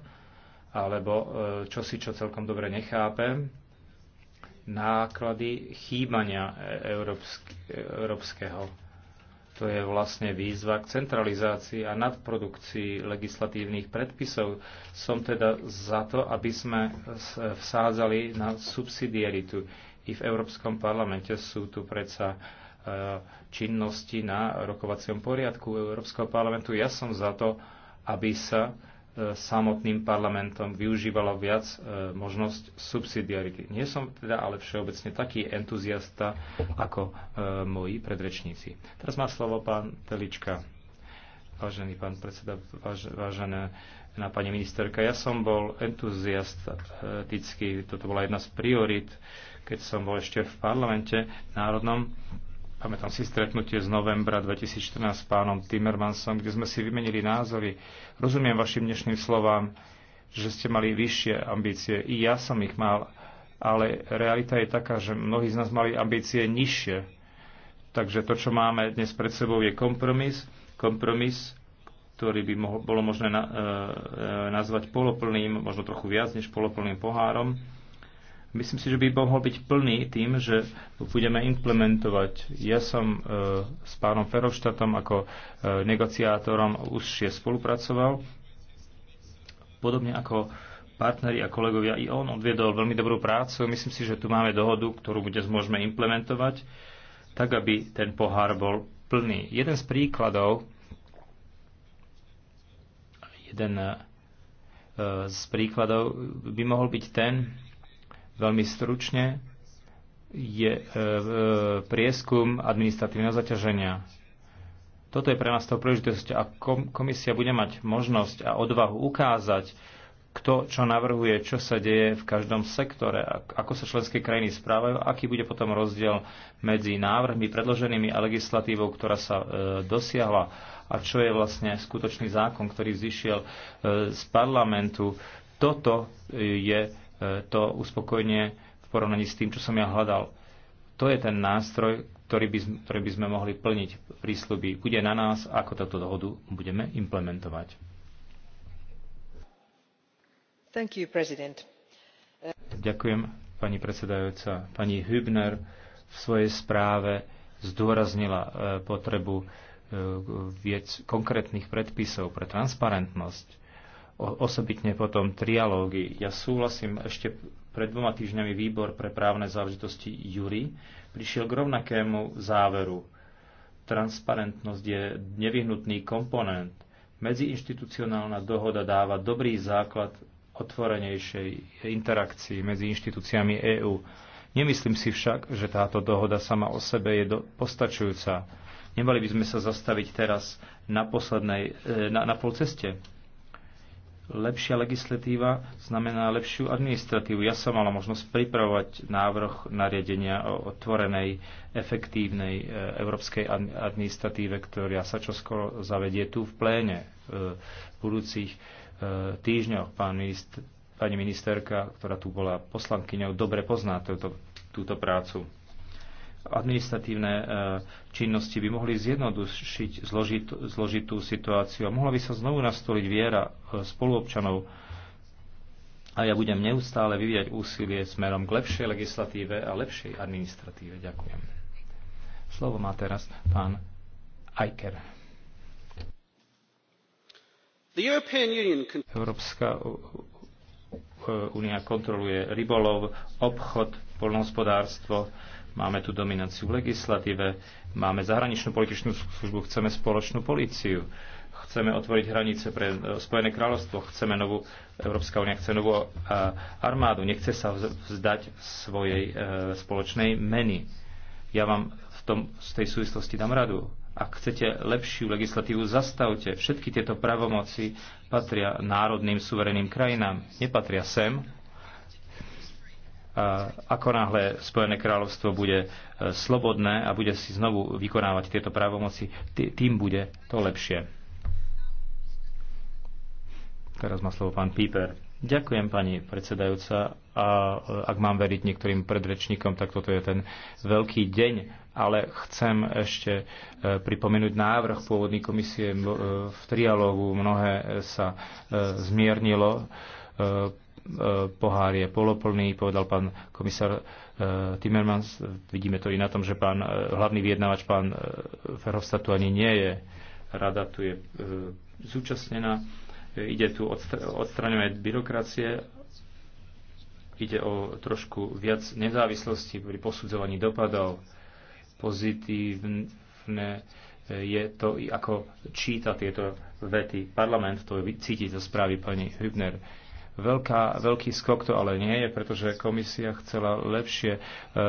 alebo e, čo si čo celkom dobre nechápem, náklady chýbania e, európskeho. To je vlastne výzva k centralizácii a nadprodukcii legislatívnych predpisov. Som teda za to, aby sme vsádzali na subsidiaritu. I v Európskom parlamente sú tu predsa uh, E, činnosti na rokovacom poriadku Európskeho parlamentu. Ja som za to, aby sa e, samotným parlamentom využívalo viac e, možnosť subsidiarity. Nie som teda ale všeobecne taký entuziasta ako moji predrečníci. Teraz má slovo pán Telička. Vážený pán predseda, vážené vážená pani ministerka, ja som bol entuziastický, toto bola jedna z priorit, keď som bol ešte v parlamente národnom pamätám si stretnutie z novembra 2014 s pánom Timmermansom, kde sme si vymenili názory. Rozumiem vašim dnešným slovám, že ste mali vyššie ambície. I ja som ich mal, ale realita je taká, že mnohí z nás mali ambície nižšie. Takže to, čo máme dnes pred sebou, je kompromis. Kompromis, ktorý by mohol, bolo možné na, e, e nazvať poloplným, možno trochu viac než poloplným pohárom Myslím si, že by mohol byť plný tým, že budeme implementovať. Ja som e, s pánom Ferovštátom ako e, negociátorom užšie spolupracoval. Podobne ako partneri a kolegovia, i on odviedol veľmi dobrú prácu. Myslím si, že tu máme dohodu, ktorú dnes môžeme implementovať, tak aby ten pohár bol plný. Jeden z príkladov, jeden e, z príkladov by mohol byť ten, Veľmi stručne je e, e, prieskum administratívneho zaťaženia. Toto je pre nás tou príležitosť a kom, komisia bude mať možnosť a odvahu ukázať, kto čo navrhuje, čo sa deje v každom sektore, ako sa členské krajiny správajú, aký bude potom rozdiel medzi návrhmi predloženými a legislatívou, ktorá sa e, dosiahla a čo je vlastne skutočný zákon, ktorý zišiel e, z parlamentu. Toto e, je to uspokojenie v porovnaní s tým, čo som ja hľadal. To je ten nástroj, ktorý by, ktorý by sme mohli plniť prísľuby. Bude na nás, ako táto dohodu budeme implementovať. Thank you, president. Ďakujem, pani predsedajúca. Pani Hübner v svojej správe zdôraznila eh, potrebu eh, viec konkrétnych predpisov pre transparentnosť osobitne potom trialógy. Ja súhlasím, ešte pred dvoma týždňami výbor pre právne záležitosti Jury prišiel k rovnakému záveru. Transparentnosť je nevyhnutný komponent. Medziinstitucionálna dohoda dáva dobrý základ otvorenejšej interakcii medzi inštitúciami EÚ. Nemyslím si však, že táto dohoda sama o sebe je do, postačujúca. Nemali by sme sa zastaviť teraz na poslednej, e, na, na polceste. ceste lepšia legislatíva znamená lepšiu administratívu. Ja som mala možnosť pripravovať návrh nariadenia o otvorenej, efektívnej e, európskej administratíve, ktorá sa čoskoro zavedie tu v pléne e, v budúcich e, týždňoch. Pán minister, pani ministerka, ktorá tu bola poslankyňou, dobre pozná túto, túto prácu administratívne e, činnosti by mohli zjednodušiť zložit, zložitú situáciu a mohla by sa znovu nastoliť viera e, spoluobčanov. A ja budem neustále vyvíjať úsilie smerom k lepšej legislatíve a lepšej administratíve. Ďakujem. Slovo má teraz pán Eiker. Európska únia kontroluje rybolov, obchod, poľnohospodárstvo, Máme tu dominanciu v legislatíve, máme zahraničnú političnú službu, chceme spoločnú políciu, chceme otvoriť hranice pre e, Spojené kráľovstvo, chceme novú, Európska únia chce novú armádu, nechce sa vzdať svojej e, spoločnej meny. Ja vám v tom, z tej súvislosti dám radu ak chcete lepšiu legislatívu, zastavte. Všetky tieto pravomoci patria národným suvereným krajinám. Nepatria sem, ako náhle Spojené kráľovstvo bude e, slobodné a bude si znovu vykonávať tieto právomoci, tým bude to lepšie. Teraz má slovo pán Píper. Ďakujem, pani predsedajúca. A e, ak mám veriť niektorým predrečníkom, tak toto je ten veľký deň. Ale chcem ešte e, pripomenúť návrh pôvodnej komisie v trialógu. Mnohé sa zmiernilo E, pohár je poloplný, povedal pán komisár e, Timmermans. Vidíme to i na tom, že pán e, hlavný vyjednávač pán Verhofstadt tu ani nie je. Rada tu je zúčastnená. Ide tu odstraňovať byrokracie, ide o trošku viac nezávislosti pri posudzovaní dopadov. Pozitívne je to, ako číta tieto vety parlament, to cíti zo správy pani Hübner Veľká, veľký skok to ale nie je, pretože komisia chcela lepšie e, e,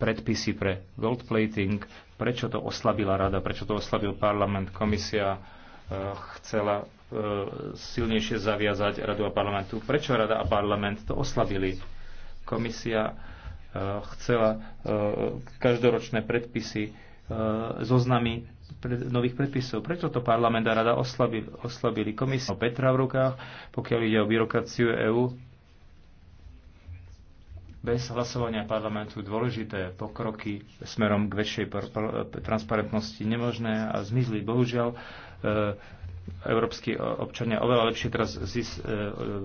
predpisy pre gold plating. Prečo to oslabila rada, prečo to oslabil parlament, komisia e, chcela e, silnejšie zaviazať radu a parlamentu. Prečo rada a parlament to oslabili? Komisia e, chcela e, každoročné predpisy, e, zoznamy pred, nových predpisov. Preto to parlament a rada oslabil, oslabili komisiu Petra v rukách, pokiaľ ide o byrokraciu EÚ. Bez hlasovania parlamentu dôležité pokroky smerom k väčšej transparentnosti nemožné a zmizli bohužiaľ e, európsky e, občania oveľa lepšie teraz zis, e, e,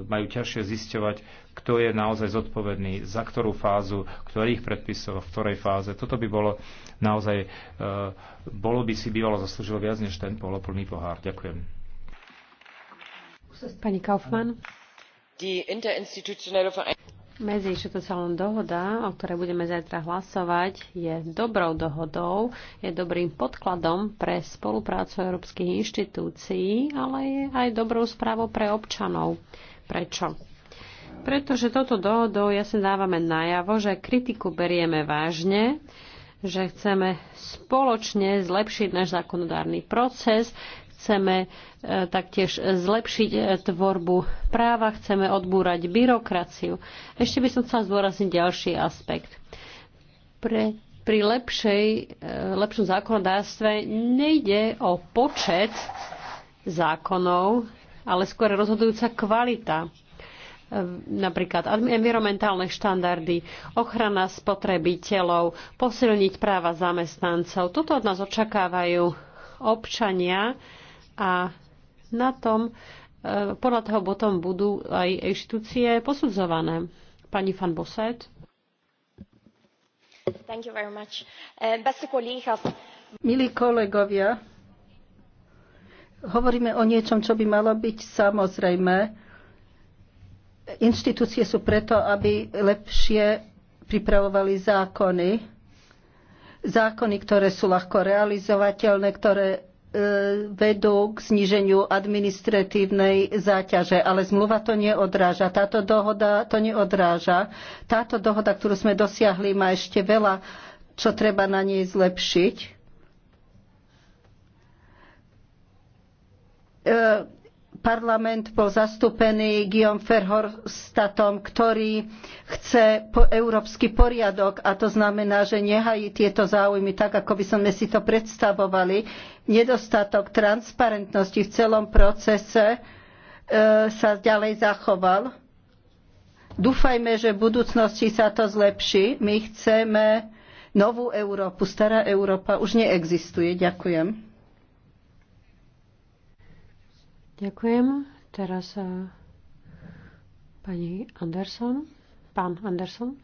majú ťažšie zisťovať, kto je naozaj zodpovedný, za ktorú fázu, ktorých predpisov, v ktorej fáze. Toto by bolo naozaj, bolo by si bývalo zaslúžilo viac než ten poloplný pohár. Ďakujem. Pani Kaufmann. Medziinstitucionálna dohoda, o ktorej budeme zajtra hlasovať, je dobrou dohodou, je dobrým podkladom pre spoluprácu európskych inštitúcií, ale je aj dobrou správou pre občanov. Prečo? Pretože toto dohodou jasne dávame najavo, že kritiku berieme vážne, že chceme spoločne zlepšiť náš zákonodárny proces, Chceme e, taktiež zlepšiť e, tvorbu práva, chceme odbúrať byrokraciu. Ešte by som chcela zdôrazniť ďalší aspekt. Pre pri lepšej, e, lepšom zákonodárstve nejde o počet zákonov, ale skôr rozhodujúca kvalita. Napríklad environmentálne štandardy, ochrana spotrebiteľov, posilniť práva zamestnancov. Toto od nás očakávajú občania a na tom, e, podľa toho potom budú aj inštitúcie posudzované. Pani van Bosset. Thank you very much. Uh, Milí kolegovia, hovoríme o niečom, čo by malo byť samozrejme. Inštitúcie sú preto, aby lepšie pripravovali zákony. Zákony, ktoré sú ľahko realizovateľné, ktoré E, vedú k zníženiu administratívnej záťaže, ale zmluva to neodráža. Táto dohoda to neodráža. Táto dohoda, ktorú sme dosiahli, má ešte veľa, čo treba na nej zlepšiť. E parlament bol zastúpený Guillaume Verhofstadtom, ktorý chce po európsky poriadok a to znamená, že nehají tieto záujmy tak, ako by sme si to predstavovali. Nedostatok transparentnosti v celom procese e, sa ďalej zachoval. Dúfajme, že v budúcnosti sa to zlepší. My chceme novú Európu. Stará Európa už neexistuje. Ďakujem. Ďakujem. Teraz eh, pani Anderson. Pán Anderson.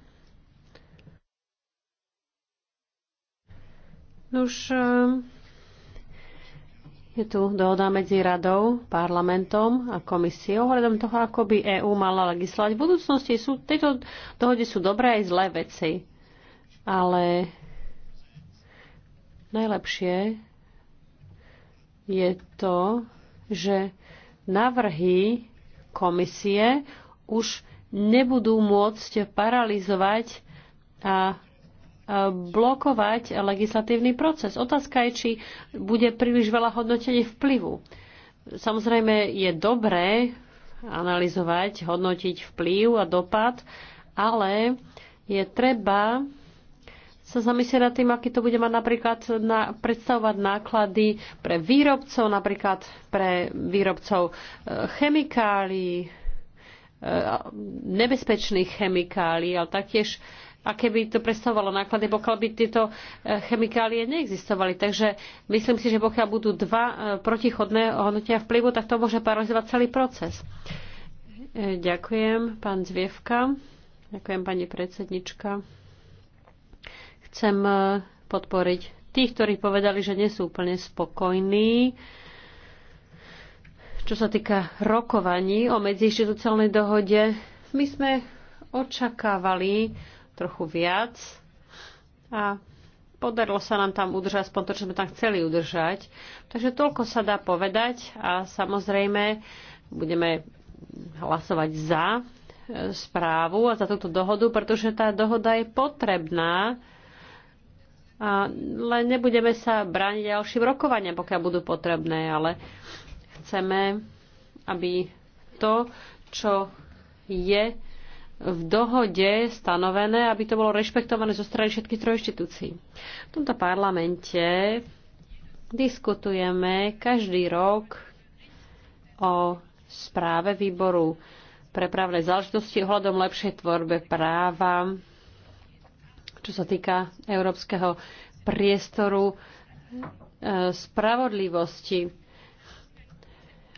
Už eh, je tu dohoda medzi radou, parlamentom a komisiou Hľadom toho, ako by EÚ mala legislovať. V budúcnosti sú, tejto dohode sú dobré aj zlé veci, ale najlepšie je to, že návrhy komisie už nebudú môcť paralizovať a blokovať legislatívny proces. Otázka je, či bude príliš veľa hodnotení vplyvu. Samozrejme je dobré analyzovať, hodnotiť vplyv a dopad, ale je treba sa zamyslia nad tým, aký to bude mať napríklad na, predstavovať náklady pre výrobcov, napríklad pre výrobcov e, chemikálií, e, nebezpečných chemikálií, ale taktiež aké by to predstavovalo náklady, pokiaľ by tieto e, chemikálie neexistovali. Takže myslím si, že pokiaľ budú dva protichodné hodnotia vplyvu, tak to môže paralizovať celý proces. Ďakujem, pán Zvievka. Ďakujem, pani predsednička. Chcem e, podporiť tých, ktorí povedali, že nie sú úplne spokojní čo sa týka rokovaní o medziinstitucionálnej dohode, my sme očakávali trochu viac a podarilo sa nám tam udržať aspoň to, čo sme tam chceli udržať. Takže toľko sa dá povedať a samozrejme budeme hlasovať za e, správu a za túto dohodu, pretože tá dohoda je potrebná len nebudeme sa brániť ďalším rokovaniam, pokiaľ budú potrebné, ale chceme, aby to, čo je v dohode stanovené, aby to bolo rešpektované zo strany všetkých troch inštitúcií. V tomto parlamente diskutujeme každý rok o správe výboru pre právne záležitosti ohľadom lepšej tvorbe práva čo sa týka európskeho priestoru e, spravodlivosti.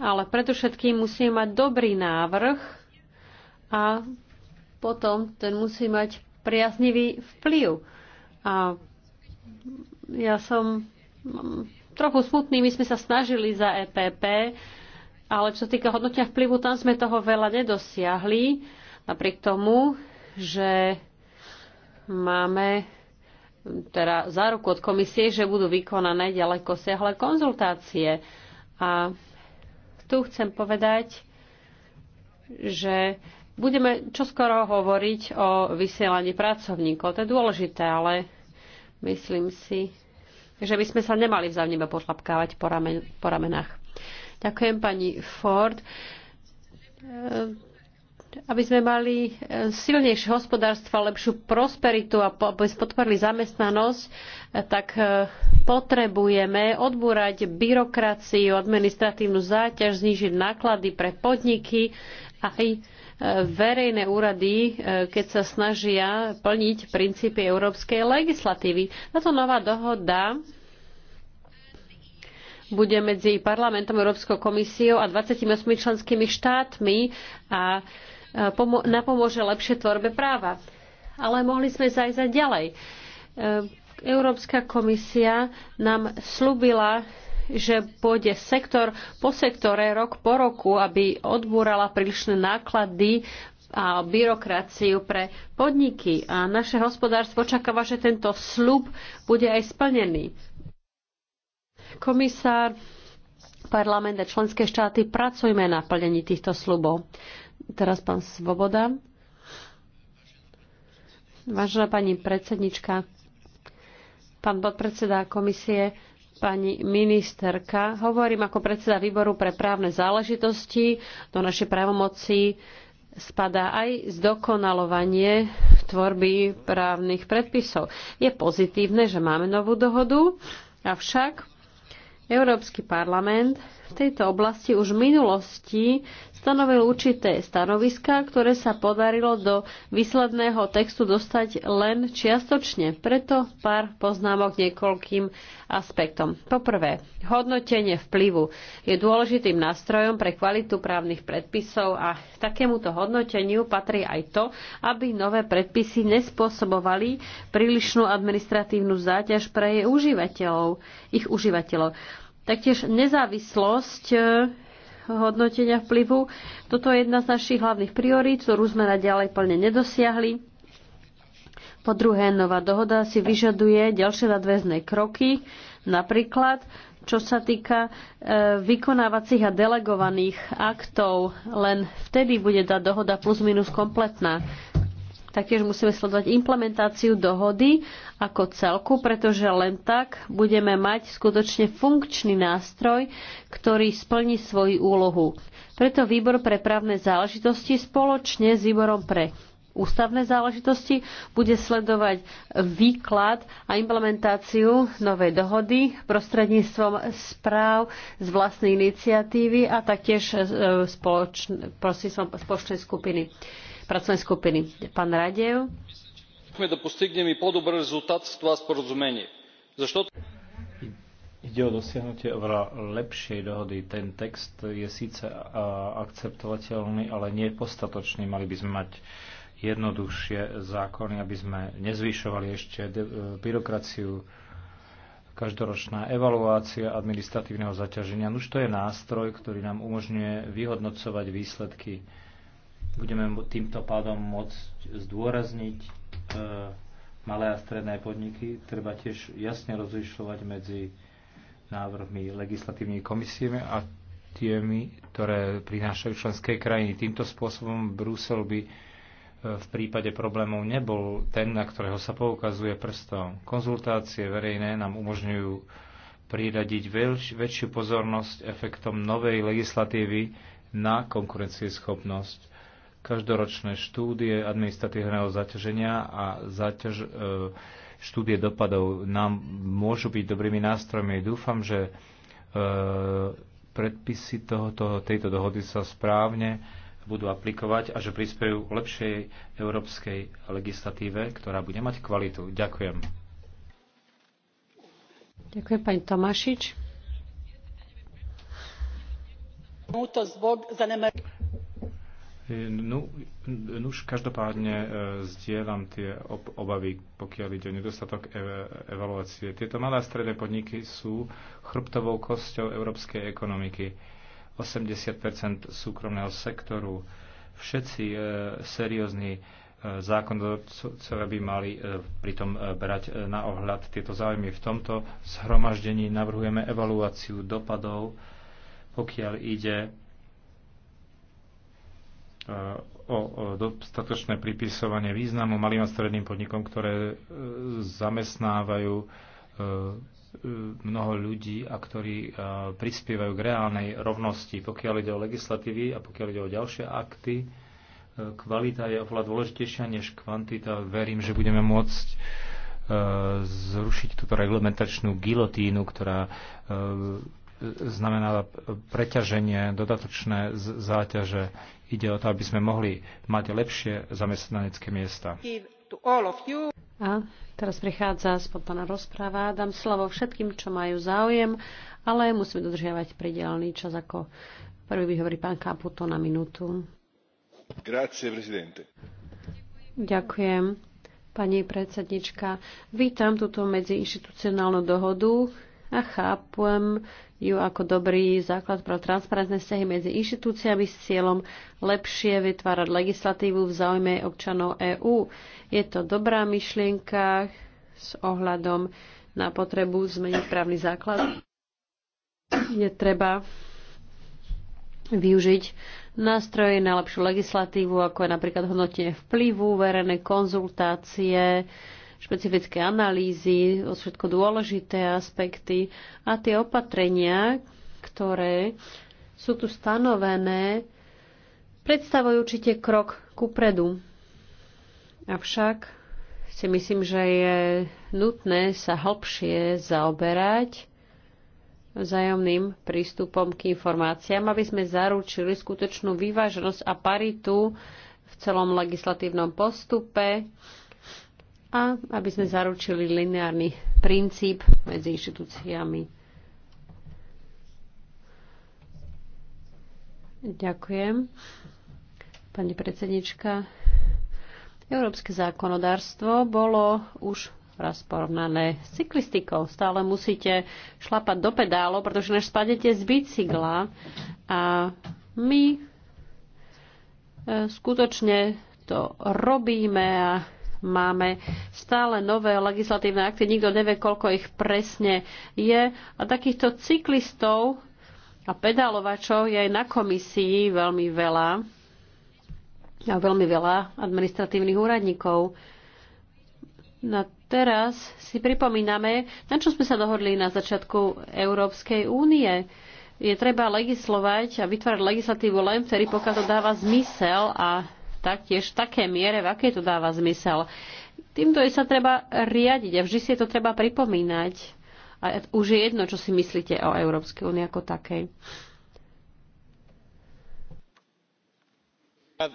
Ale všetkým musíme mať dobrý návrh a potom ten musí mať priaznivý vplyv. A ja som trochu smutný, my sme sa snažili za EPP, ale čo sa týka hodnotia vplyvu, tam sme toho veľa nedosiahli. Napriek tomu, že máme teda záruku od komisie, že budú vykonané ďaleko siahle konzultácie. A tu chcem povedať, že budeme čoskoro hovoriť o vysielaní pracovníkov. To je dôležité, ale myslím si, že by sme sa nemali vzájomne potlapkávať po, ramen, po ramenách. Ďakujem pani Ford aby sme mali e, silnejšie hospodárstvo, lepšiu prosperitu a aby sme podporili zamestnanosť, e, tak e, potrebujeme odbúrať byrokraciu, administratívnu záťaž, znížiť náklady pre podniky a aj verejné úrady, keď sa snažia plniť princípy európskej legislatívy. Táto nová dohoda bude medzi parlamentom, Európskou komisiou a 28 členskými štátmi a Eh, napomôže lepšie tvorbe práva. Ale mohli sme zajsť ďalej. Eh, Európska komisia nám slúbila, že pôjde sektor po sektore, rok po roku, aby odbúrala prílišné náklady a byrokraciu pre podniky. A naše hospodárstvo očakáva, že tento slub bude aj splnený. Komisár, parlament a členské štáty pracujme na plnení týchto slubov. Teraz pán Svoboda. Vážená pani predsednička, pán podpredseda komisie, pani ministerka, hovorím ako predseda výboru pre právne záležitosti. Do našej právomoci spadá aj zdokonalovanie tvorby právnych predpisov. Je pozitívne, že máme novú dohodu, avšak Európsky parlament v tejto oblasti už v minulosti stanovil určité stanoviská, ktoré sa podarilo do výsledného textu dostať len čiastočne. Preto pár poznámok niekoľkým aspektom. Poprvé, hodnotenie vplyvu je dôležitým nástrojom pre kvalitu právnych predpisov a takémuto hodnoteniu patrí aj to, aby nové predpisy nespôsobovali prílišnú administratívnu záťaž pre jej užívateľov, ich užívateľov. Taktiež nezávislosť hodnotenia vplyvu. Toto je jedna z našich hlavných priorít, ktorú sme naďalej plne nedosiahli. Po druhé, nová dohoda si vyžaduje ďalšie nadväzné kroky, napríklad čo sa týka e, vykonávacích a delegovaných aktov, len vtedy bude tá dohoda plus minus kompletná. Taktiež musíme sledovať implementáciu dohody ako celku, pretože len tak budeme mať skutočne funkčný nástroj, ktorý splní svoju úlohu. Preto výbor pre právne záležitosti spoločne s výborom pre ústavné záležitosti, bude sledovať výklad a implementáciu novej dohody prostredníctvom správ z vlastnej iniciatívy a taktiež e, spoločnej skupiny pracovnej skupiny. Pán Radev. Ide o dosiahnutie oveľa lepšej dohody. Ten text je síce akceptovateľný, ale nie postatočný. Mali by sme mať jednoduchšie zákony, aby sme nezvyšovali ešte byrokraciu, každoročná evaluácia administratívneho zaťaženia. Už to je nástroj, ktorý nám umožňuje vyhodnocovať výsledky Budeme týmto pádom môcť zdôrazniť eh, malé a stredné podniky. Treba tiež jasne rozlišovať medzi návrhmi legislatívnej komisie a tiemi, ktoré prinášajú členské krajiny. Týmto spôsobom Brusel by eh, v prípade problémov nebol ten, na ktorého sa poukazuje prstom. Konzultácie verejné nám umožňujú priradiť väč, väčšiu pozornosť efektom novej legislatívy na konkurencieschopnosť každoročné štúdie administratívneho zaťaženia a zaťaž, e, štúdie dopadov nám môžu byť dobrými nástrojmi. Dúfam, že e, predpisy tohoto, tejto dohody sa správne budú aplikovať a že prispejú k lepšej európskej legislatíve, ktorá bude mať kvalitu. Ďakujem. Ďakujem pani Tomášič. No, už každopádne e, zdieľam tie ob- obavy, pokiaľ ide o nedostatok ev- evaluácie. Tieto malé a stredné podniky sú chrbtovou kosťou európskej ekonomiky. 80 súkromného sektoru. Všetci e, seriózni e, zákonodavcovia by mali e, pritom e, brať e, na ohľad tieto záujmy. V tomto zhromaždení navrhujeme evaluáciu dopadov, pokiaľ ide o dostatočné pripisovanie významu malým a stredným podnikom, ktoré e, zamestnávajú e, e, mnoho ľudí a ktorí prispievajú k reálnej rovnosti, pokiaľ ide o legislatívy a pokiaľ ide o ďalšie akty. Kvalita je oveľa dôležitejšia než kvantita. Verím, že budeme môcť zrušiť túto reglementačnú gilotínu, ktorá znamená preťaženie, dodatočné záťaže. Ide o to, aby sme mohli mať lepšie zamestnanecké miesta. A teraz prichádza spontánna rozpráva. Dám slovo všetkým, čo majú záujem, ale musíme dodržiavať pridelený čas, ako prvý hovorí pán Kaputo na minútu. Grazie, prezidente. Ďakujem, pani predsednička. Vítam túto medziinstitucionálnu dohodu a chápem ju ako dobrý základ pro transparentné vzťahy medzi inštitúciami s cieľom lepšie vytvárať legislatívu v záujme občanov EÚ. Je to dobrá myšlienka s ohľadom na potrebu zmeniť právny základ. Je treba využiť nástroje na lepšiu legislatívu, ako je napríklad hodnotenie vplyvu, verejné konzultácie, špecifické analýzy, o všetko dôležité aspekty a tie opatrenia, ktoré sú tu stanovené, predstavujú určite krok kupredu. Avšak si myslím, že je nutné sa hlbšie zaoberať vzájomným prístupom k informáciám, aby sme zaručili skutočnú vyváženosť a paritu v celom legislatívnom postupe a aby sme zaručili lineárny princíp medzi inštitúciami. Ďakujem. Pani predsednička, európske zákonodárstvo bolo už raz porovnané s cyklistikou. Stále musíte šlapať do pedálo, pretože než spadnete z bicykla. A my e, skutočne to robíme a máme stále nové legislatívne akty, nikto nevie, koľko ich presne je. A takýchto cyklistov a pedálovačov je aj na komisii veľmi veľa a veľmi veľa administratívnych úradníkov. No teraz si pripomíname, na čo sme sa dohodli na začiatku Európskej únie. Je treba legislovať a vytvárať legislatívu len vtedy, pokiaľ to dáva zmysel a taktiež v také miere, v aké to dáva zmysel. Týmto je sa treba riadiť a vždy si to treba pripomínať. A už je jedno, čo si myslíte o Európskej únii ako takej. Eh,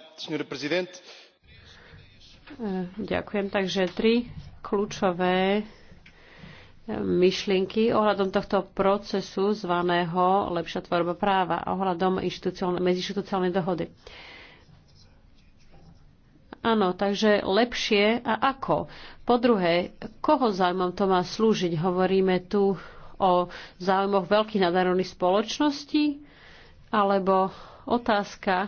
ďakujem. Takže tri kľúčové eh, myšlienky ohľadom tohto procesu zvaného lepšia tvorba práva a ohľadom medziinstitucionálnej dohody. Áno, takže lepšie a ako? Po druhé, koho zájmom to má slúžiť? Hovoríme tu o záujmoch veľkých nadarovných spoločností? Alebo otázka,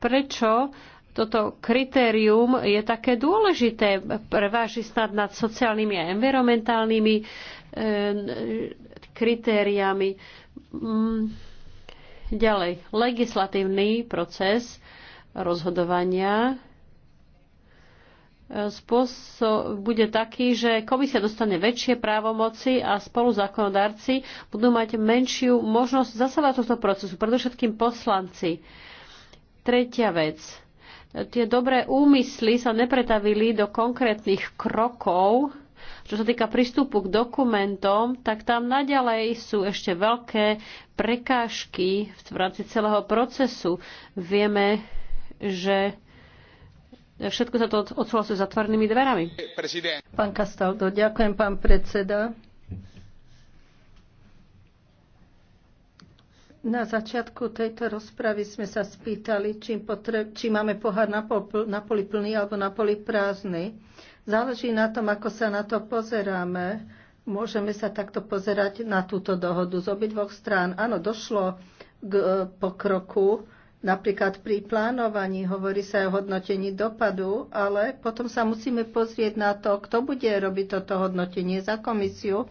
prečo toto kritérium je také dôležité, preváži snad nad sociálnymi a environmentálnymi e, kritériami. Mm, ďalej, legislatívny proces rozhodovania spôsob bude taký, že komisia dostane väčšie právomoci a zákonodárci budú mať menšiu možnosť zasadať tohto procesu, predovšetkým poslanci. Tretia vec. Tie dobré úmysly sa nepretavili do konkrétnych krokov, čo sa týka prístupu k dokumentom, tak tam naďalej sú ešte veľké prekážky v rámci celého procesu. Vieme, že Všetko sa to odsúhlasuje zatvornými dverami. Pán Kastaldo, ďakujem, pán predseda. Na začiatku tejto rozpravy sme sa spýtali, či, potre- či máme pohár na, pol- na poli plný alebo na poli prázdny. Záleží na tom, ako sa na to pozeráme. Môžeme sa takto pozerať na túto dohodu z obidvoch strán. Áno, došlo k e, pokroku, Napríklad pri plánovaní hovorí sa o hodnotení dopadu, ale potom sa musíme pozrieť na to, kto bude robiť toto hodnotenie za komisiu.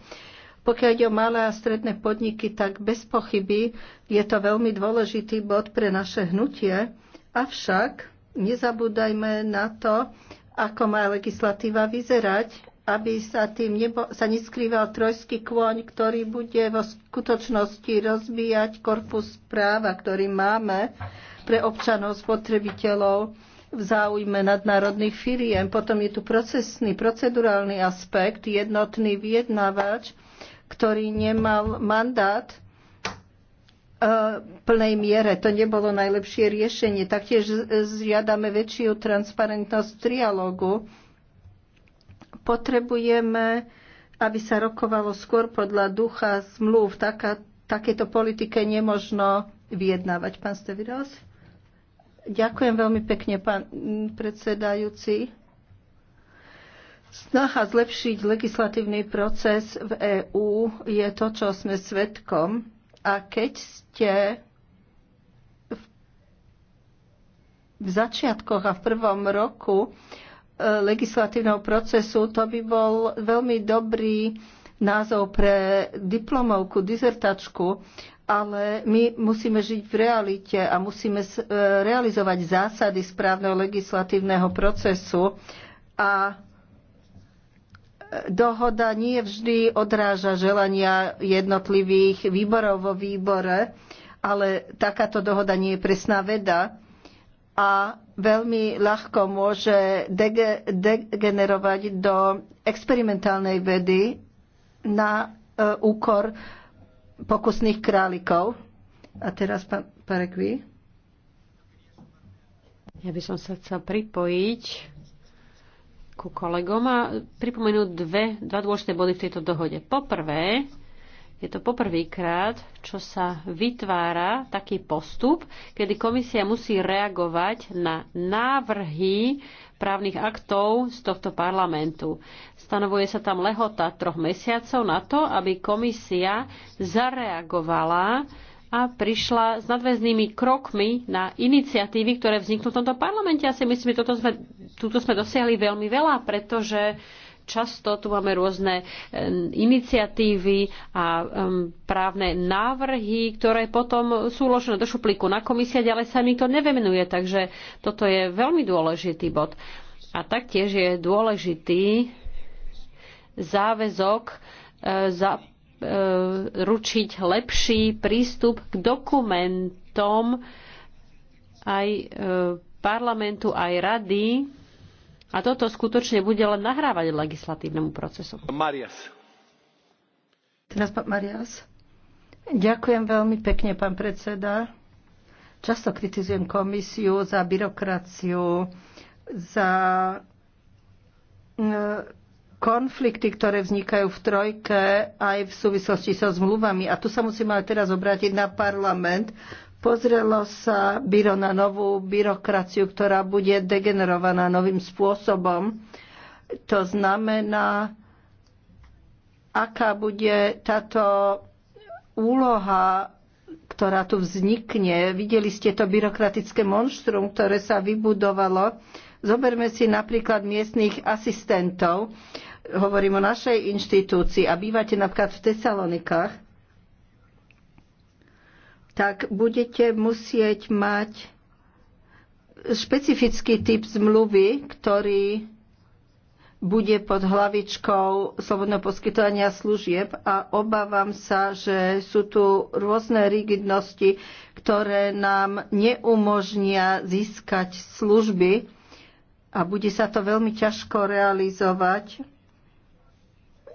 Pokiaľ ide o malé a stredné podniky, tak bez pochyby je to veľmi dôležitý bod pre naše hnutie. Avšak nezabúdajme na to, ako má legislatíva vyzerať aby sa tým nebo, sa neskrýval trojský kôň, ktorý bude vo skutočnosti rozvíjať korpus práva, ktorý máme pre občanov, spotrebiteľov v záujme nadnárodných firiem. Potom je tu procesný, procedurálny aspekt, jednotný vyjednávač, ktorý nemal mandát v e, plnej miere. To nebolo najlepšie riešenie. Taktiež žiadame väčšiu transparentnosť v trialógu Potrebujeme, aby sa rokovalo skôr podľa ducha zmluv. Taká, takéto politike nemožno vyjednávať. Pán Steviros? Ďakujem veľmi pekne, pán predsedajúci. Snaha zlepšiť legislatívny proces v EÚ je to, čo sme svetkom. A keď ste v začiatkoch a v prvom roku E, legislatívneho procesu, to by bol veľmi dobrý názov pre diplomovku, dizertačku, ale my musíme žiť v realite a musíme e, realizovať zásady správneho legislatívneho procesu a e, dohoda nie vždy odráža želania jednotlivých výborov vo výbore, ale takáto dohoda nie je presná veda a veľmi ľahko môže degenerovať do experimentálnej vedy na e, úkor pokusných králikov. A teraz pán Parekvi. Ja by som sa chcel pripojiť ku kolegom a pripomenú dve, dva dôležité body v tejto dohode. Poprvé, je to poprvýkrát, čo sa vytvára taký postup, kedy komisia musí reagovať na návrhy právnych aktov z tohto parlamentu. Stanovuje sa tam lehota troch mesiacov na to, aby komisia zareagovala a prišla s nadväznými krokmi na iniciatívy, ktoré vzniknú v tomto parlamente. Ja si myslím, že toto sme, túto sme dosiahli veľmi veľa, pretože uh, často tu máme rôzne e, iniciatívy a právne návrhy, ktoré potom sú uložené do šuplíku na komisia, ale sa mi to nevemenuje. Takže toto je veľmi dôležitý bod. A taktiež je dôležitý záväzok e, za, e, ručiť lepší prístup k dokumentom aj parlamentu, aj rady, a toto skutočne bude len nahrávať legislatívnemu procesu. Marias. Teraz pán Marias. Ďakujem veľmi pekne, pán predseda. Často kritizujem komisiu za byrokraciu, za e, konflikty, ktoré vznikajú v trojke aj v súvislosti so zmluvami. A tu sa musím ale teraz obrátiť na parlament, Pozrelo sa byro na novú byrokraciu, ktorá bude degenerovaná novým spôsobom. To znamená, aká bude táto úloha, ktorá tu vznikne. Videli ste to byrokratické monštrum, ktoré sa vybudovalo. Zoberme si napríklad miestných asistentov. Hovorím o našej inštitúcii a bývate napríklad v Tesalonikách tak budete musieť mať špecifický typ zmluvy, ktorý bude pod hlavičkou slobodného poskytovania služieb a obávam sa, že sú tu rôzne rigidnosti, ktoré nám neumožnia získať služby a bude sa to veľmi ťažko realizovať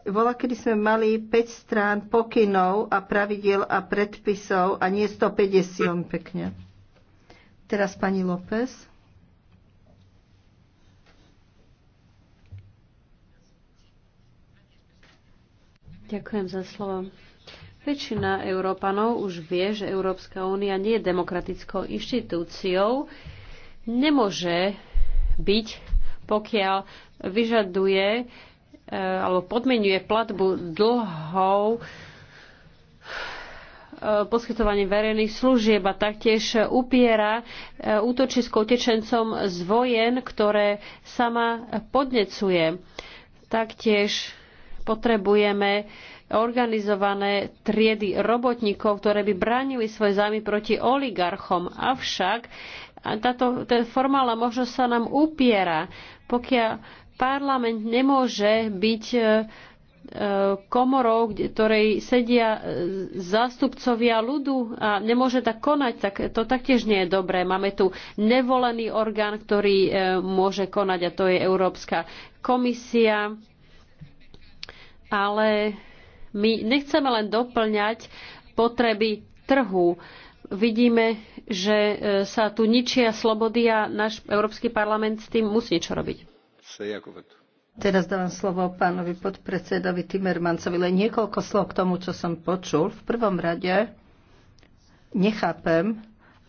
bola, kedy sme mali 5 strán pokynov a pravidel a predpisov a nie 150 pekne. Teraz pani López. Ďakujem za slovo. Väčšina Európanov už vie, že Európska únia nie je demokratickou inštitúciou. Nemôže byť, pokiaľ vyžaduje Eh, alebo podmenuje platbu dlhov eh, poskytovanie verejných služieb a taktiež upiera eh, útočisko utečencom z vojen, ktoré sama podnecuje. Taktiež potrebujeme organizované triedy robotníkov, ktoré by bránili svoje zájmy proti oligarchom. Avšak táto formálna možnosť sa nám upiera. Pokiaľ Parlament nemôže byť e, e, komorou, ktorej sedia e, zástupcovia ľudu a nemôže tak konať, tak to taktiež nie je dobré. Máme tu nevolený orgán, ktorý môže konať a to je Európska komisia. Ale my nechceme len doplňať potreby trhu. Vidíme, že sa tu ničia slobody a náš Európsky parlament s tým musí niečo robiť. Teraz dávam slovo pánovi podpredsedovi Timmermansovi. Len niekoľko slov k tomu, čo som počul. V prvom rade nechápem,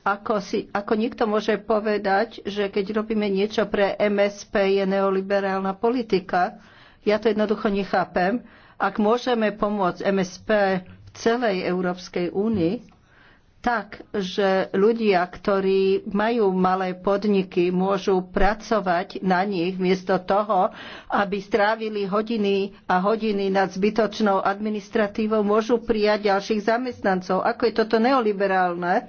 ako, si, ako niekto môže povedať, že keď robíme niečo pre MSP, je neoliberálna politika. Ja to jednoducho nechápem. Ak môžeme pomôcť MSP v celej Európskej únii, tak, že ľudia, ktorí majú malé podniky, môžu pracovať na nich miesto toho, aby strávili hodiny a hodiny nad zbytočnou administratívou, môžu prijať ďalších zamestnancov. Ako je toto neoliberálne?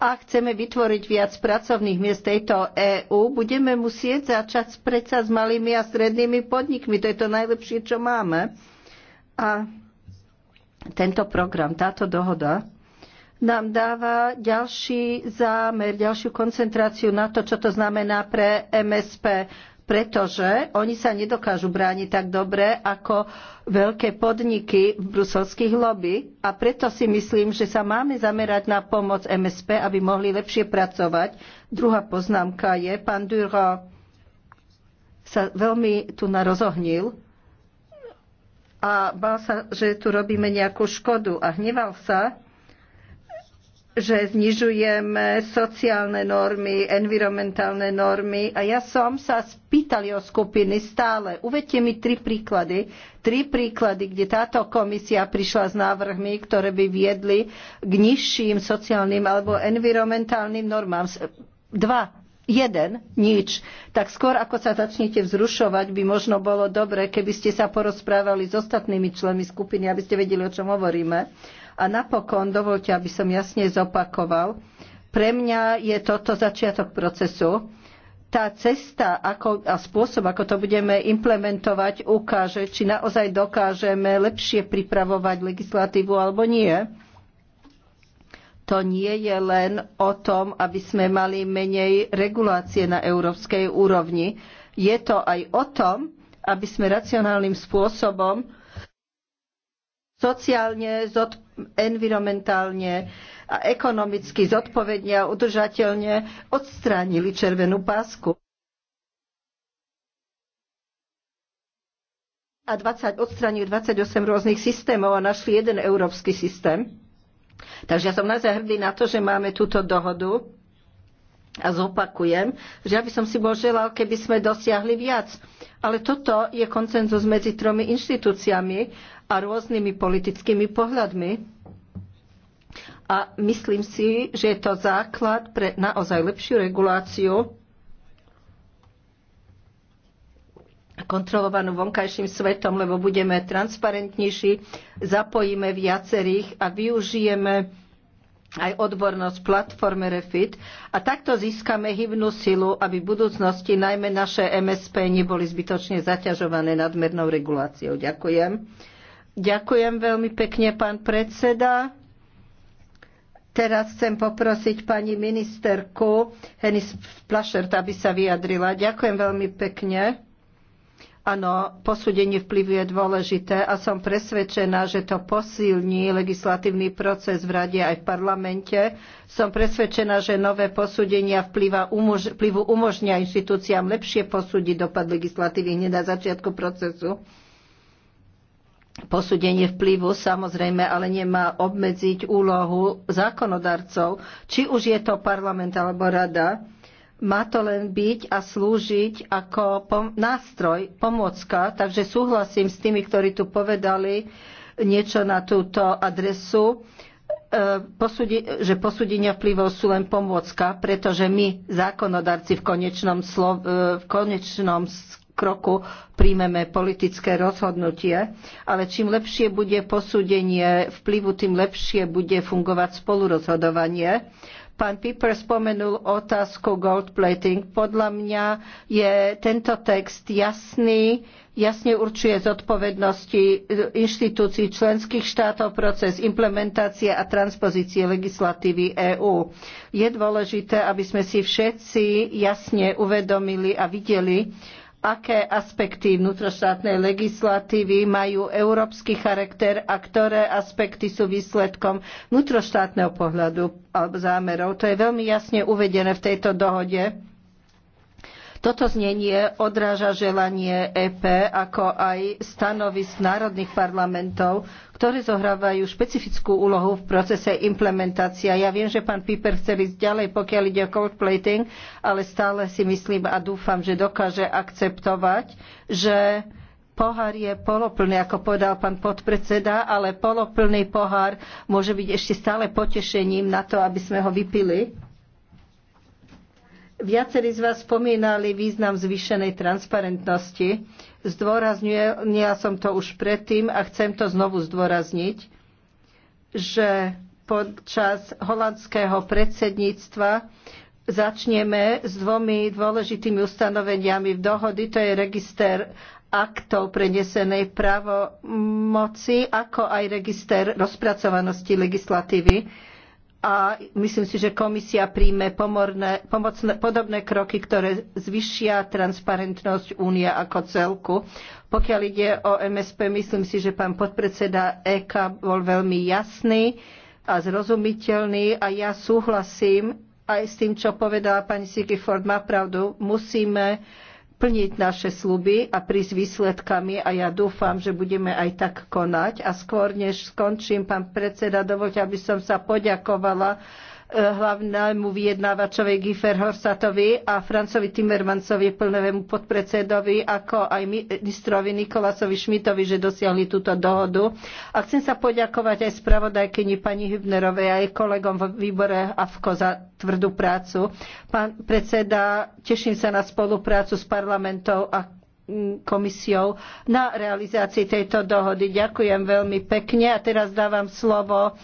a chceme vytvoriť viac pracovných miest tejto EÚ, budeme musieť začať predsa s malými a strednými podnikmi. To je to najlepšie, čo máme. A tento program, táto dohoda nám dáva ďalší zámer, ďalšiu koncentráciu na to, čo to znamená pre MSP, pretože oni sa nedokážu brániť tak dobre ako veľké podniky v bruselských lobby a preto si myslím, že sa máme zamerať na pomoc MSP, aby mohli lepšie pracovať. Druhá poznámka je, pán Duro sa veľmi tu narozohnil, a bál sa, že tu robíme nejakú škodu a hneval sa, že znižujeme sociálne normy, environmentálne normy. A ja som sa spýtali o skupiny stále. Uvedte mi tri príklady. Tri príklady, kde táto komisia prišla s návrhmi, ktoré by viedli k nižším sociálnym alebo environmentálnym normám. Dva. Jeden, nič. Tak skôr ako sa začnete vzrušovať, by možno bolo dobre, keby ste sa porozprávali s ostatnými členmi skupiny, aby ste vedeli, o čom hovoríme. A napokon dovolte, aby som jasne zopakoval, pre mňa je toto začiatok procesu. Tá cesta ako, a spôsob, ako to budeme implementovať, ukáže, či naozaj dokážeme lepšie pripravovať legislatívu alebo nie. To nie je len o tom, aby sme mali menej regulácie na európskej úrovni. Je to aj o tom, aby sme racionálnym spôsobom sociálne, environmentálne a ekonomicky zodpovedne a udržateľne odstránili červenú pásku. A 20, odstránili 28 rôznych systémov a našli jeden európsky systém. Takže ja som naozaj hrdý na to, že máme túto dohodu. A zopakujem, že ja by som si bol želal, keby sme dosiahli viac. Ale toto je koncenzus medzi tromi inštitúciami a rôznymi politickými pohľadmi. A myslím si, že je to základ pre naozaj lepšiu reguláciu kontrolovanú vonkajším svetom, lebo budeme transparentnejší, zapojíme viacerých a využijeme aj odbornosť platforme Refit a takto získame hybnú silu, aby v budúcnosti najmä naše MSP neboli zbytočne zaťažované nadmernou reguláciou. Ďakujem. Ďakujem veľmi pekne, pán predseda. Teraz chcem poprosiť pani ministerku Henis Plašert, aby sa vyjadrila. Ďakujem veľmi pekne. Áno, posúdenie vplyvu je dôležité a som presvedčená, že to posilní legislatívny proces v rade aj v parlamente. Som presvedčená, že nové posúdenia vplyvu umožňa inštitúciám lepšie posúdiť dopad legislatívy hneď na začiatku procesu. Posúdenie vplyvu samozrejme ale nemá obmedziť úlohu zákonodarcov, či už je to parlament alebo rada. Má to len byť a slúžiť ako pom- nástroj, pomocka, takže súhlasím s tými, ktorí tu povedali niečo na túto adresu, e, že posúdenia vplyvov sú len pomôcka, pretože my, zákonodarci, v konečnom, slo- e, v konečnom kroku príjmeme politické rozhodnutie, ale čím lepšie bude posúdenie vplyvu, tým lepšie bude fungovať spolurozhodovanie. Pán Piper spomenul otázku gold plating. Podľa mňa je tento text jasný, jasne určuje zodpovednosti inštitúcií členských štátov proces implementácie a transpozície legislatívy EÚ. Je dôležité, aby sme si všetci jasne uvedomili a videli, aké aspekty vnútroštátnej legislatívy majú európsky charakter a ktoré aspekty sú výsledkom vnútroštátneho pohľadu alebo zámerov. To je veľmi jasne uvedené v tejto dohode. Toto znenie odráža želanie EP, ako aj stanovisk národných parlamentov, ktoré zohrávajú špecifickú úlohu v procese implementácia. Ja viem, že pán Piper chce ísť ďalej, pokiaľ ide o cold plating, ale stále si myslím a dúfam, že dokáže akceptovať, že pohár je poloplný, ako povedal pán podpredseda, ale poloplný pohár môže byť ešte stále potešením na to, aby sme ho vypili. Viacerí z vás spomínali význam zvýšenej transparentnosti. Zdôraznila som to už predtým a chcem to znovu zdôrazniť, že počas holandského predsedníctva začneme s dvomi dôležitými ustanoveniami v dohody. To je register aktov prenesenej právomoci, ako aj register rozpracovanosti legislatívy a myslím si, že komisia príjme pomorné, pomocné, podobné kroky, ktoré zvyšia transparentnosť únie ako celku. Pokiaľ ide o MSP, myslím si, že pán podpredseda EK bol veľmi jasný a zrozumiteľný a ja súhlasím aj s tým, čo povedala pani Sigiford, má pravdu, musíme plniť naše sluby a prísť výsledkami a ja dúfam, že budeme aj tak konať. A skôr, než skončím, pán predseda, dovoľte, aby som sa poďakovala hlavnému vyjednávačovi Giferhorsatovi a Francovi Timmermansovi, plnému podpredsedovi, ako aj ministrovi Nikolasovi Šmitovi, že dosiahli túto dohodu. A chcem sa poďakovať aj spravodajkyni pani Hübnerovej a kolegom v výbore AFKO za tvrdú prácu. Pán predseda, teším sa na spoluprácu s parlamentom a mm, komisiou na realizácii tejto dohody. Ďakujem veľmi pekne a teraz dávam slovo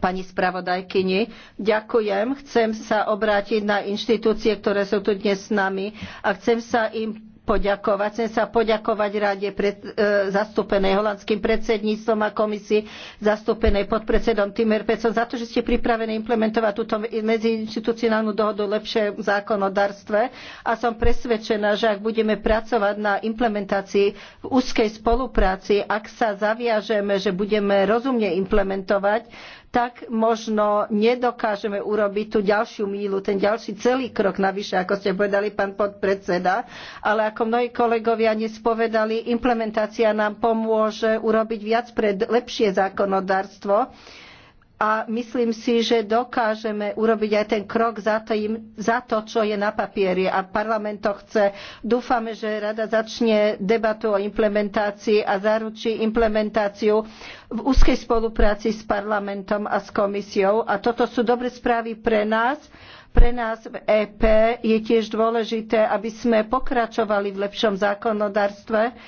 pani spravodajkyni. Ďakujem. Chcem sa obrátiť na inštitúcie, ktoré sú tu dnes s nami a chcem sa im poďakovať. Chcem sa poďakovať rade pred, e, zastúpenej holandským predsedníctvom a komisii zastúpenej podpredsedom Timmermansom za to, že ste pripravení implementovať túto medziinstitucionálnu dohodu o lepšom zákonodarstve a som presvedčená, že ak budeme pracovať na implementácii v úzkej spolupráci, ak sa zaviažeme, že budeme rozumne implementovať, tak možno nedokážeme urobiť tú ďalšiu mílu, ten ďalší celý krok navyše, ako ste povedali, pán podpredseda. Ale ako mnohí kolegovia nespovedali, povedali, implementácia nám pomôže urobiť viac pre lepšie zákonodárstvo a myslím si, že dokážeme urobiť aj ten krok za to, im, za to čo je na papieri a parlament to chce. Dúfame, že rada začne debatu o implementácii a zaručí implementáciu v úzkej spolupráci s parlamentom a s komisiou. A toto sú dobre správy pre nás. Pre nás v EP je tiež dôležité, aby sme pokračovali v lepšom zákonodárstve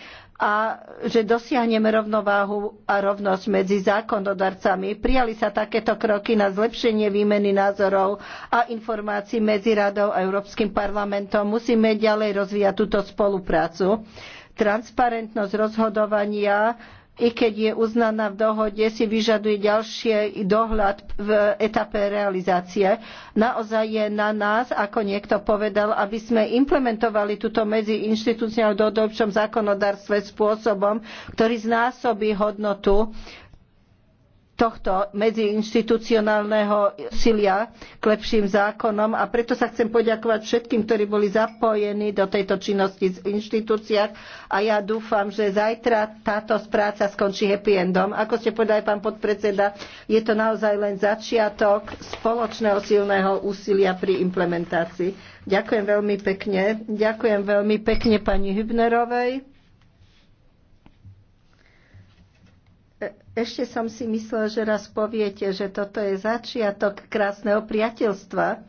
a že dosiahneme rovnováhu a rovnosť medzi zákonodarcami. Prijali sa takéto kroky na zlepšenie výmeny názorov a informácií medzi Radou a Európskym parlamentom. Musíme ďalej rozvíjať túto spoluprácu. Transparentnosť rozhodovania i keď je uznaná v dohode, si vyžaduje ďalší dohľad v etape realizácie. Naozaj je na nás, ako niekto povedal, aby sme implementovali túto inštitúciou a v zákonodárstve spôsobom, ktorý znásobí hodnotu tohto medziinštitucionálneho silia k lepším zákonom a preto sa chcem poďakovať všetkým, ktorí boli zapojení do tejto činnosti v inštitúciách a ja dúfam, že zajtra táto práca skončí happy endom. Ako ste povedali, pán podpredseda, je to naozaj len začiatok spoločného silného úsilia pri implementácii. Ďakujem veľmi pekne. Ďakujem veľmi pekne pani Hübnerovej. Ešte som si myslela, že raz poviete, že toto je začiatok krásneho priateľstva.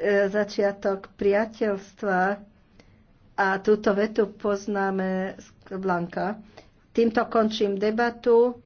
E, začiatok priateľstva. A túto vetu poznáme z Blanka. Týmto končím debatu.